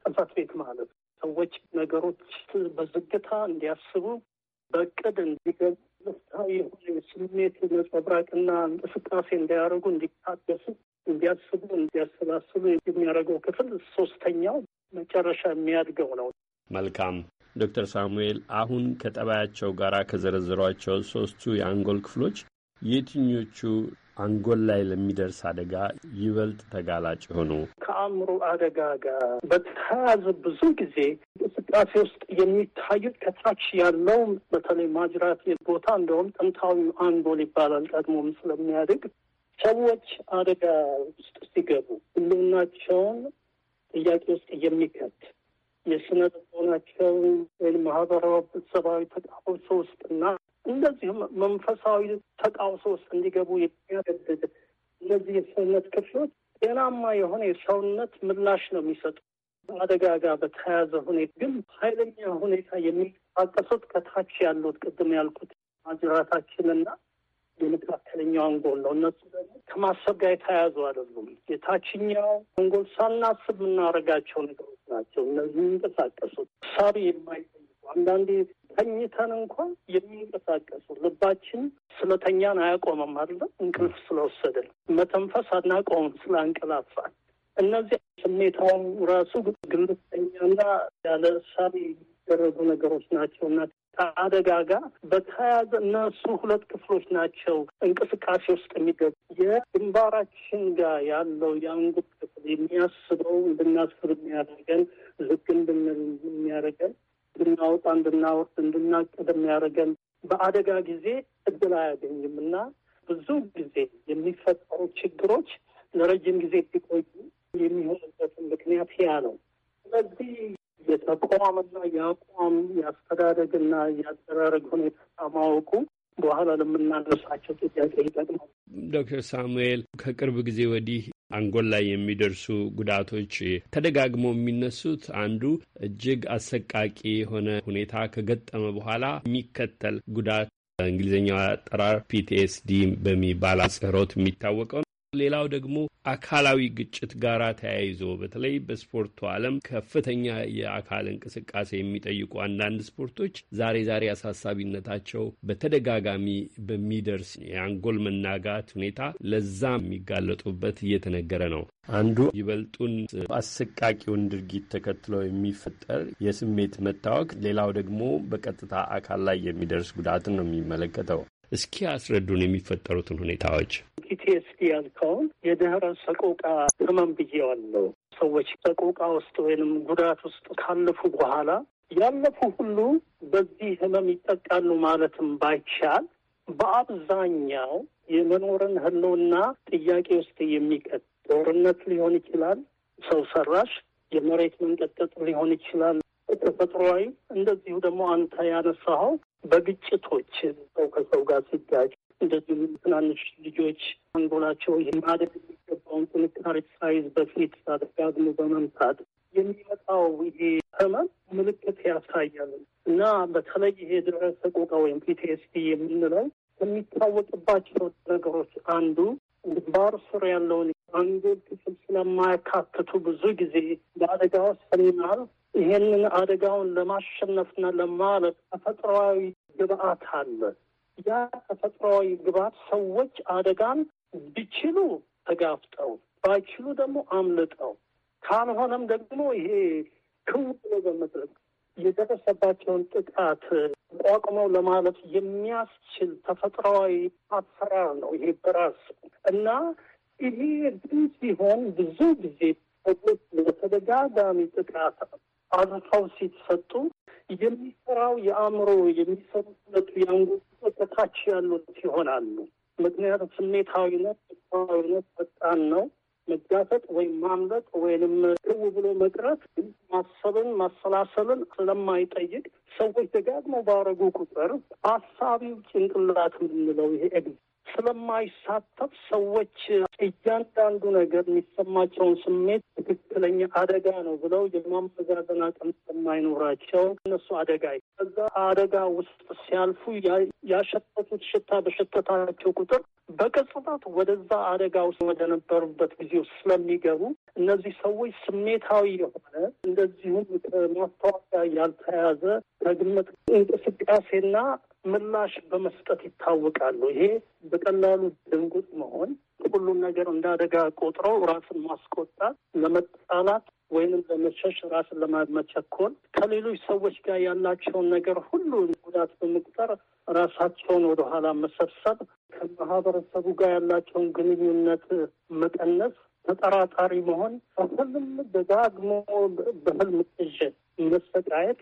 S10: ጽሕፈት ቤት ማለት ነው። ሰዎች ነገሮች በዝግታ እንዲያስቡ በእቅድ እንዲገቡ ስሜት መብራቅና እንቅስቃሴ እንዳያደርጉ እንዲታደሱ፣ እንዲያስቡ፣ እንዲያሰባስቡ የሚያደርገው ክፍል ሶስተኛው መጨረሻ የሚያድገው ነው።
S1: መልካም ዶክተር ሳሙኤል አሁን ከጠባያቸው ጋር ከዘረዘሯቸው ሶስቱ የአንጎል ክፍሎች የትኞቹ አንጎል ላይ ለሚደርስ አደጋ ይበልጥ ተጋላጭ ሆኑ።
S10: ከአእምሮ አደጋ ጋር በተያያዘ ብዙ ጊዜ እንቅስቃሴ ውስጥ የሚታዩት ከታች ያለው በተለይ ማጅራት ቦታ እንደውም ጥንታዊ አንጎል ይባላል። ቀድሞም ስለሚያድግ ሰዎች አደጋ ውስጥ ሲገቡ ሁሉናቸውን ጥያቄ ውስጥ የሚከት የስነ ልቦናቸውን ወይም ማህበራዊ ሰብአዊ ተቃውሶ ውስጥና እንደዚሁም መንፈሳዊ ተቃውሶ ውስጥ እንዲገቡ የሚያደርግ እነዚህ የሰውነት ክፍሎች ጤናማ የሆነ የሰውነት ምላሽ ነው የሚሰጡ። አደጋ ጋር በተያያዘ ሁኔታ ግን ኃይለኛ ሁኔታ የሚንቀሳቀሱት ከታች ያሉት ቅድም ያልኩት ማጅራታችንና የመካከለኛው አንጎል ነው። እነሱ ደግሞ ከማሰብ ጋር የተያያዙ አይደሉም። የታችኛው አንጎል ሳናስብ የምናደርጋቸው ነገሮች ናቸው። እነዚህ የሚንቀሳቀሱት ሳቢ የማይ አንዳንዴ ተኝተን እንኳን የሚንቀሳቀሱ ልባችን ስለተኛን አያቆመም አለ እንቅልፍ ስለወሰደን መተንፈስ አናቆምም ስለአንቀላፋን። እነዚህ ስሜታውን ራሱ ግልፍተኛና ያለ እሳቤ የሚደረጉ ነገሮች ናቸው እና ከአደጋ ጋር በተያያዘ እነሱ ሁለት ክፍሎች ናቸው እንቅስቃሴ ውስጥ የሚገቡ። የግንባራችን ጋር ያለው የአንጎል ክፍል የሚያስበው እንድናስብ የሚያደርገን፣ ዝግ እንድንል የሚያደርገን እንድናወጣ እንድናወርድ እንድናቀድ ያደረገን በአደጋ ጊዜ እድል አያገኝም እና ብዙ ጊዜ የሚፈጠሩ ችግሮች ለረጅም ጊዜ ሲቆዩ የሚሆንበትን ምክንያት ያ ነው። ስለዚህ የተቋምና የአቋም የአስተዳደግና የአደራረግ ሁኔታ ማወቁ በኋላ ለምናደርሳቸው ጥያቄ ይጠቅማል።
S1: ዶክተር ሳሙኤል ከቅርብ ጊዜ ወዲህ አንጎል ላይ የሚደርሱ ጉዳቶች ተደጋግሞ የሚነሱት አንዱ እጅግ አሰቃቂ የሆነ ሁኔታ ከገጠመ በኋላ የሚከተል ጉዳት በእንግሊዝኛው አጠራር ፒቲኤስዲ በሚባል አጽህሮት የሚታወቀው ሌላው ደግሞ አካላዊ ግጭት ጋር ተያይዞ በተለይ በስፖርቱ ዓለም ከፍተኛ የአካል እንቅስቃሴ የሚጠይቁ አንዳንድ ስፖርቶች ዛሬ ዛሬ አሳሳቢነታቸው በተደጋጋሚ በሚደርስ የአንጎል መናጋት ሁኔታ ለዛ የሚጋለጡበት እየተነገረ ነው። አንዱ ይበልጡን አሰቃቂውን ድርጊት ተከትሎ የሚፈጠር የስሜት መታወክ፣ ሌላው ደግሞ በቀጥታ አካል ላይ የሚደርስ ጉዳትን ነው የሚመለከተው። እስኪ አስረዱን የሚፈጠሩትን ሁኔታዎች።
S10: ፒቲኤስዲ ያልከውን የድህረ ሰቆቃ ህመም ብዬዋለሁ። ሰዎች ሰቆቃ ውስጥ ወይንም ጉዳት ውስጥ ካለፉ በኋላ ያለፉ ሁሉ በዚህ ህመም ይጠቃሉ ማለትም ባይቻል በአብዛኛው የመኖርን ህልውና ጥያቄ ውስጥ የሚቀጥ ጦርነት ሊሆን ይችላል፣ ሰው ሰራሽ የመሬት መንቀጥቀጥ ሊሆን ይችላል፣ ተፈጥሯዊ እንደዚሁ ደግሞ አንተ ያነሳኸው በግጭቶች ሰው ከሰው ጋር ሲጋጭ እንደዚሁ ትናንሽ ልጆች አንጎላቸው የማደግ የሚገባውን ጥንካሬ ሳይዝ በፊት አደጋግሞ በመምታት የሚመጣው ይሄ ህመም ምልክት ያሳያል እና በተለይ ይሄ ድህረ ሰቆቃ ወይም ፒቲኤስዲ የምንለው ከሚታወቅባቸው ነገሮች አንዱ ግንባር ስር ያለውን አንጎል ክፍል ስለማያካትቱ ብዙ ጊዜ ለአደጋ ሰሚናል ይሄንን አደጋውን ለማሸነፍና ለማለት ተፈጥሯዊ ግብአት አለ። ያ ተፈጥሯዊ ግባት ሰዎች አደጋን ቢችሉ ተጋፍጠው ባይችሉ ደግሞ አምልጠው ካልሆነም ደግሞ ይሄ ክው በመድረግ የደረሰባቸውን ጥቃት ተቋቁመው ለማለፍ የሚያስችል ተፈጥሯዊ አሰራር ነው ይሄ በራሱ እና ይሄ ግን ሲሆን ብዙ ጊዜ በተደጋጋሚ ጥቃት አልፈው ሲሰጡ የሚሰራው የአእምሮ የሚሰሩት ሁለቱ የአንጎል ከታች ያሉት ይሆናሉ። ምክንያቱም ስሜታዊነት ስሜታዊነት ፈጣን ነው። መጋፈጥ ወይም ማምለጥ ወይንም ክው ብሎ መቅረት ማሰብን ማሰላሰልን ስለማይጠይቅ ሰዎች ደጋግሞ ባረጉ ቁጥር አሳቢው ጭንቅላት የምንለው ይሄ ስለማይሳተፍ ሰዎች እያንዳንዱ ነገር የሚሰማቸውን ስሜት ትክክለኛ አደጋ ነው ብለው የማመዛዘን አቅም ስለማይኖራቸው እነሱ አደጋ ከዛ አደጋ ውስጥ ሲያልፉ ያሸተቱት ሽታ በሸተታቸው ቁጥር በቅጽበት ወደዛ አደጋ ውስጥ ወደነበሩበት ጊዜ ስለሚገቡ እነዚህ ሰዎች ስሜታዊ የሆነ እንደዚሁም ከማስታወቂያ ያልተያዘ ከግምት እንቅስቃሴና ምላሽ በመስጠት ይታወቃሉ። ይሄ በቀላሉ ድንጉጥ መሆን፣ ሁሉን ነገር እንዳደጋ ቆጥረው ራስን ማስቆጣት፣ ለመጣላት ወይንም ለመሸሽ ራስን ለማመቸኮል ከሌሎች ሰዎች ጋር ያላቸውን ነገር ሁሉ ጉዳት በመቁጠር ራሳቸውን ወደኋላ መሰብሰብ፣ ከማህበረሰቡ ጋር ያላቸውን ግንኙነት መቀነስ፣ ተጠራጣሪ መሆን፣ በህልም ደጋግሞ በህልም ቅዠት መሰቃየት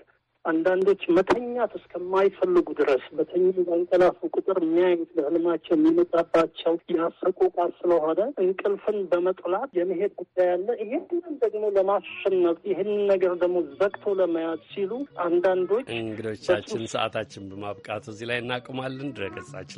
S10: አንዳንዶች መተኛት እስከማይፈልጉ ድረስ በተኙ በእንቀላፉ ቁጥር የሚያዩት በህልማቸው የሚመጣባቸው ያሰቆቃ ስለሆነ እንቅልፍን በመጥላት የመሄድ ጉዳይ አለ። ይህንን ደግሞ ለማሸነፍ ይህን ነገር ደግሞ ዘግቶ ለመያዝ ሲሉ አንዳንዶች
S1: እንግዶቻችን ሰዓታችን በማብቃት እዚህ ላይ እናቆማለን። ድረገጻችን ላይ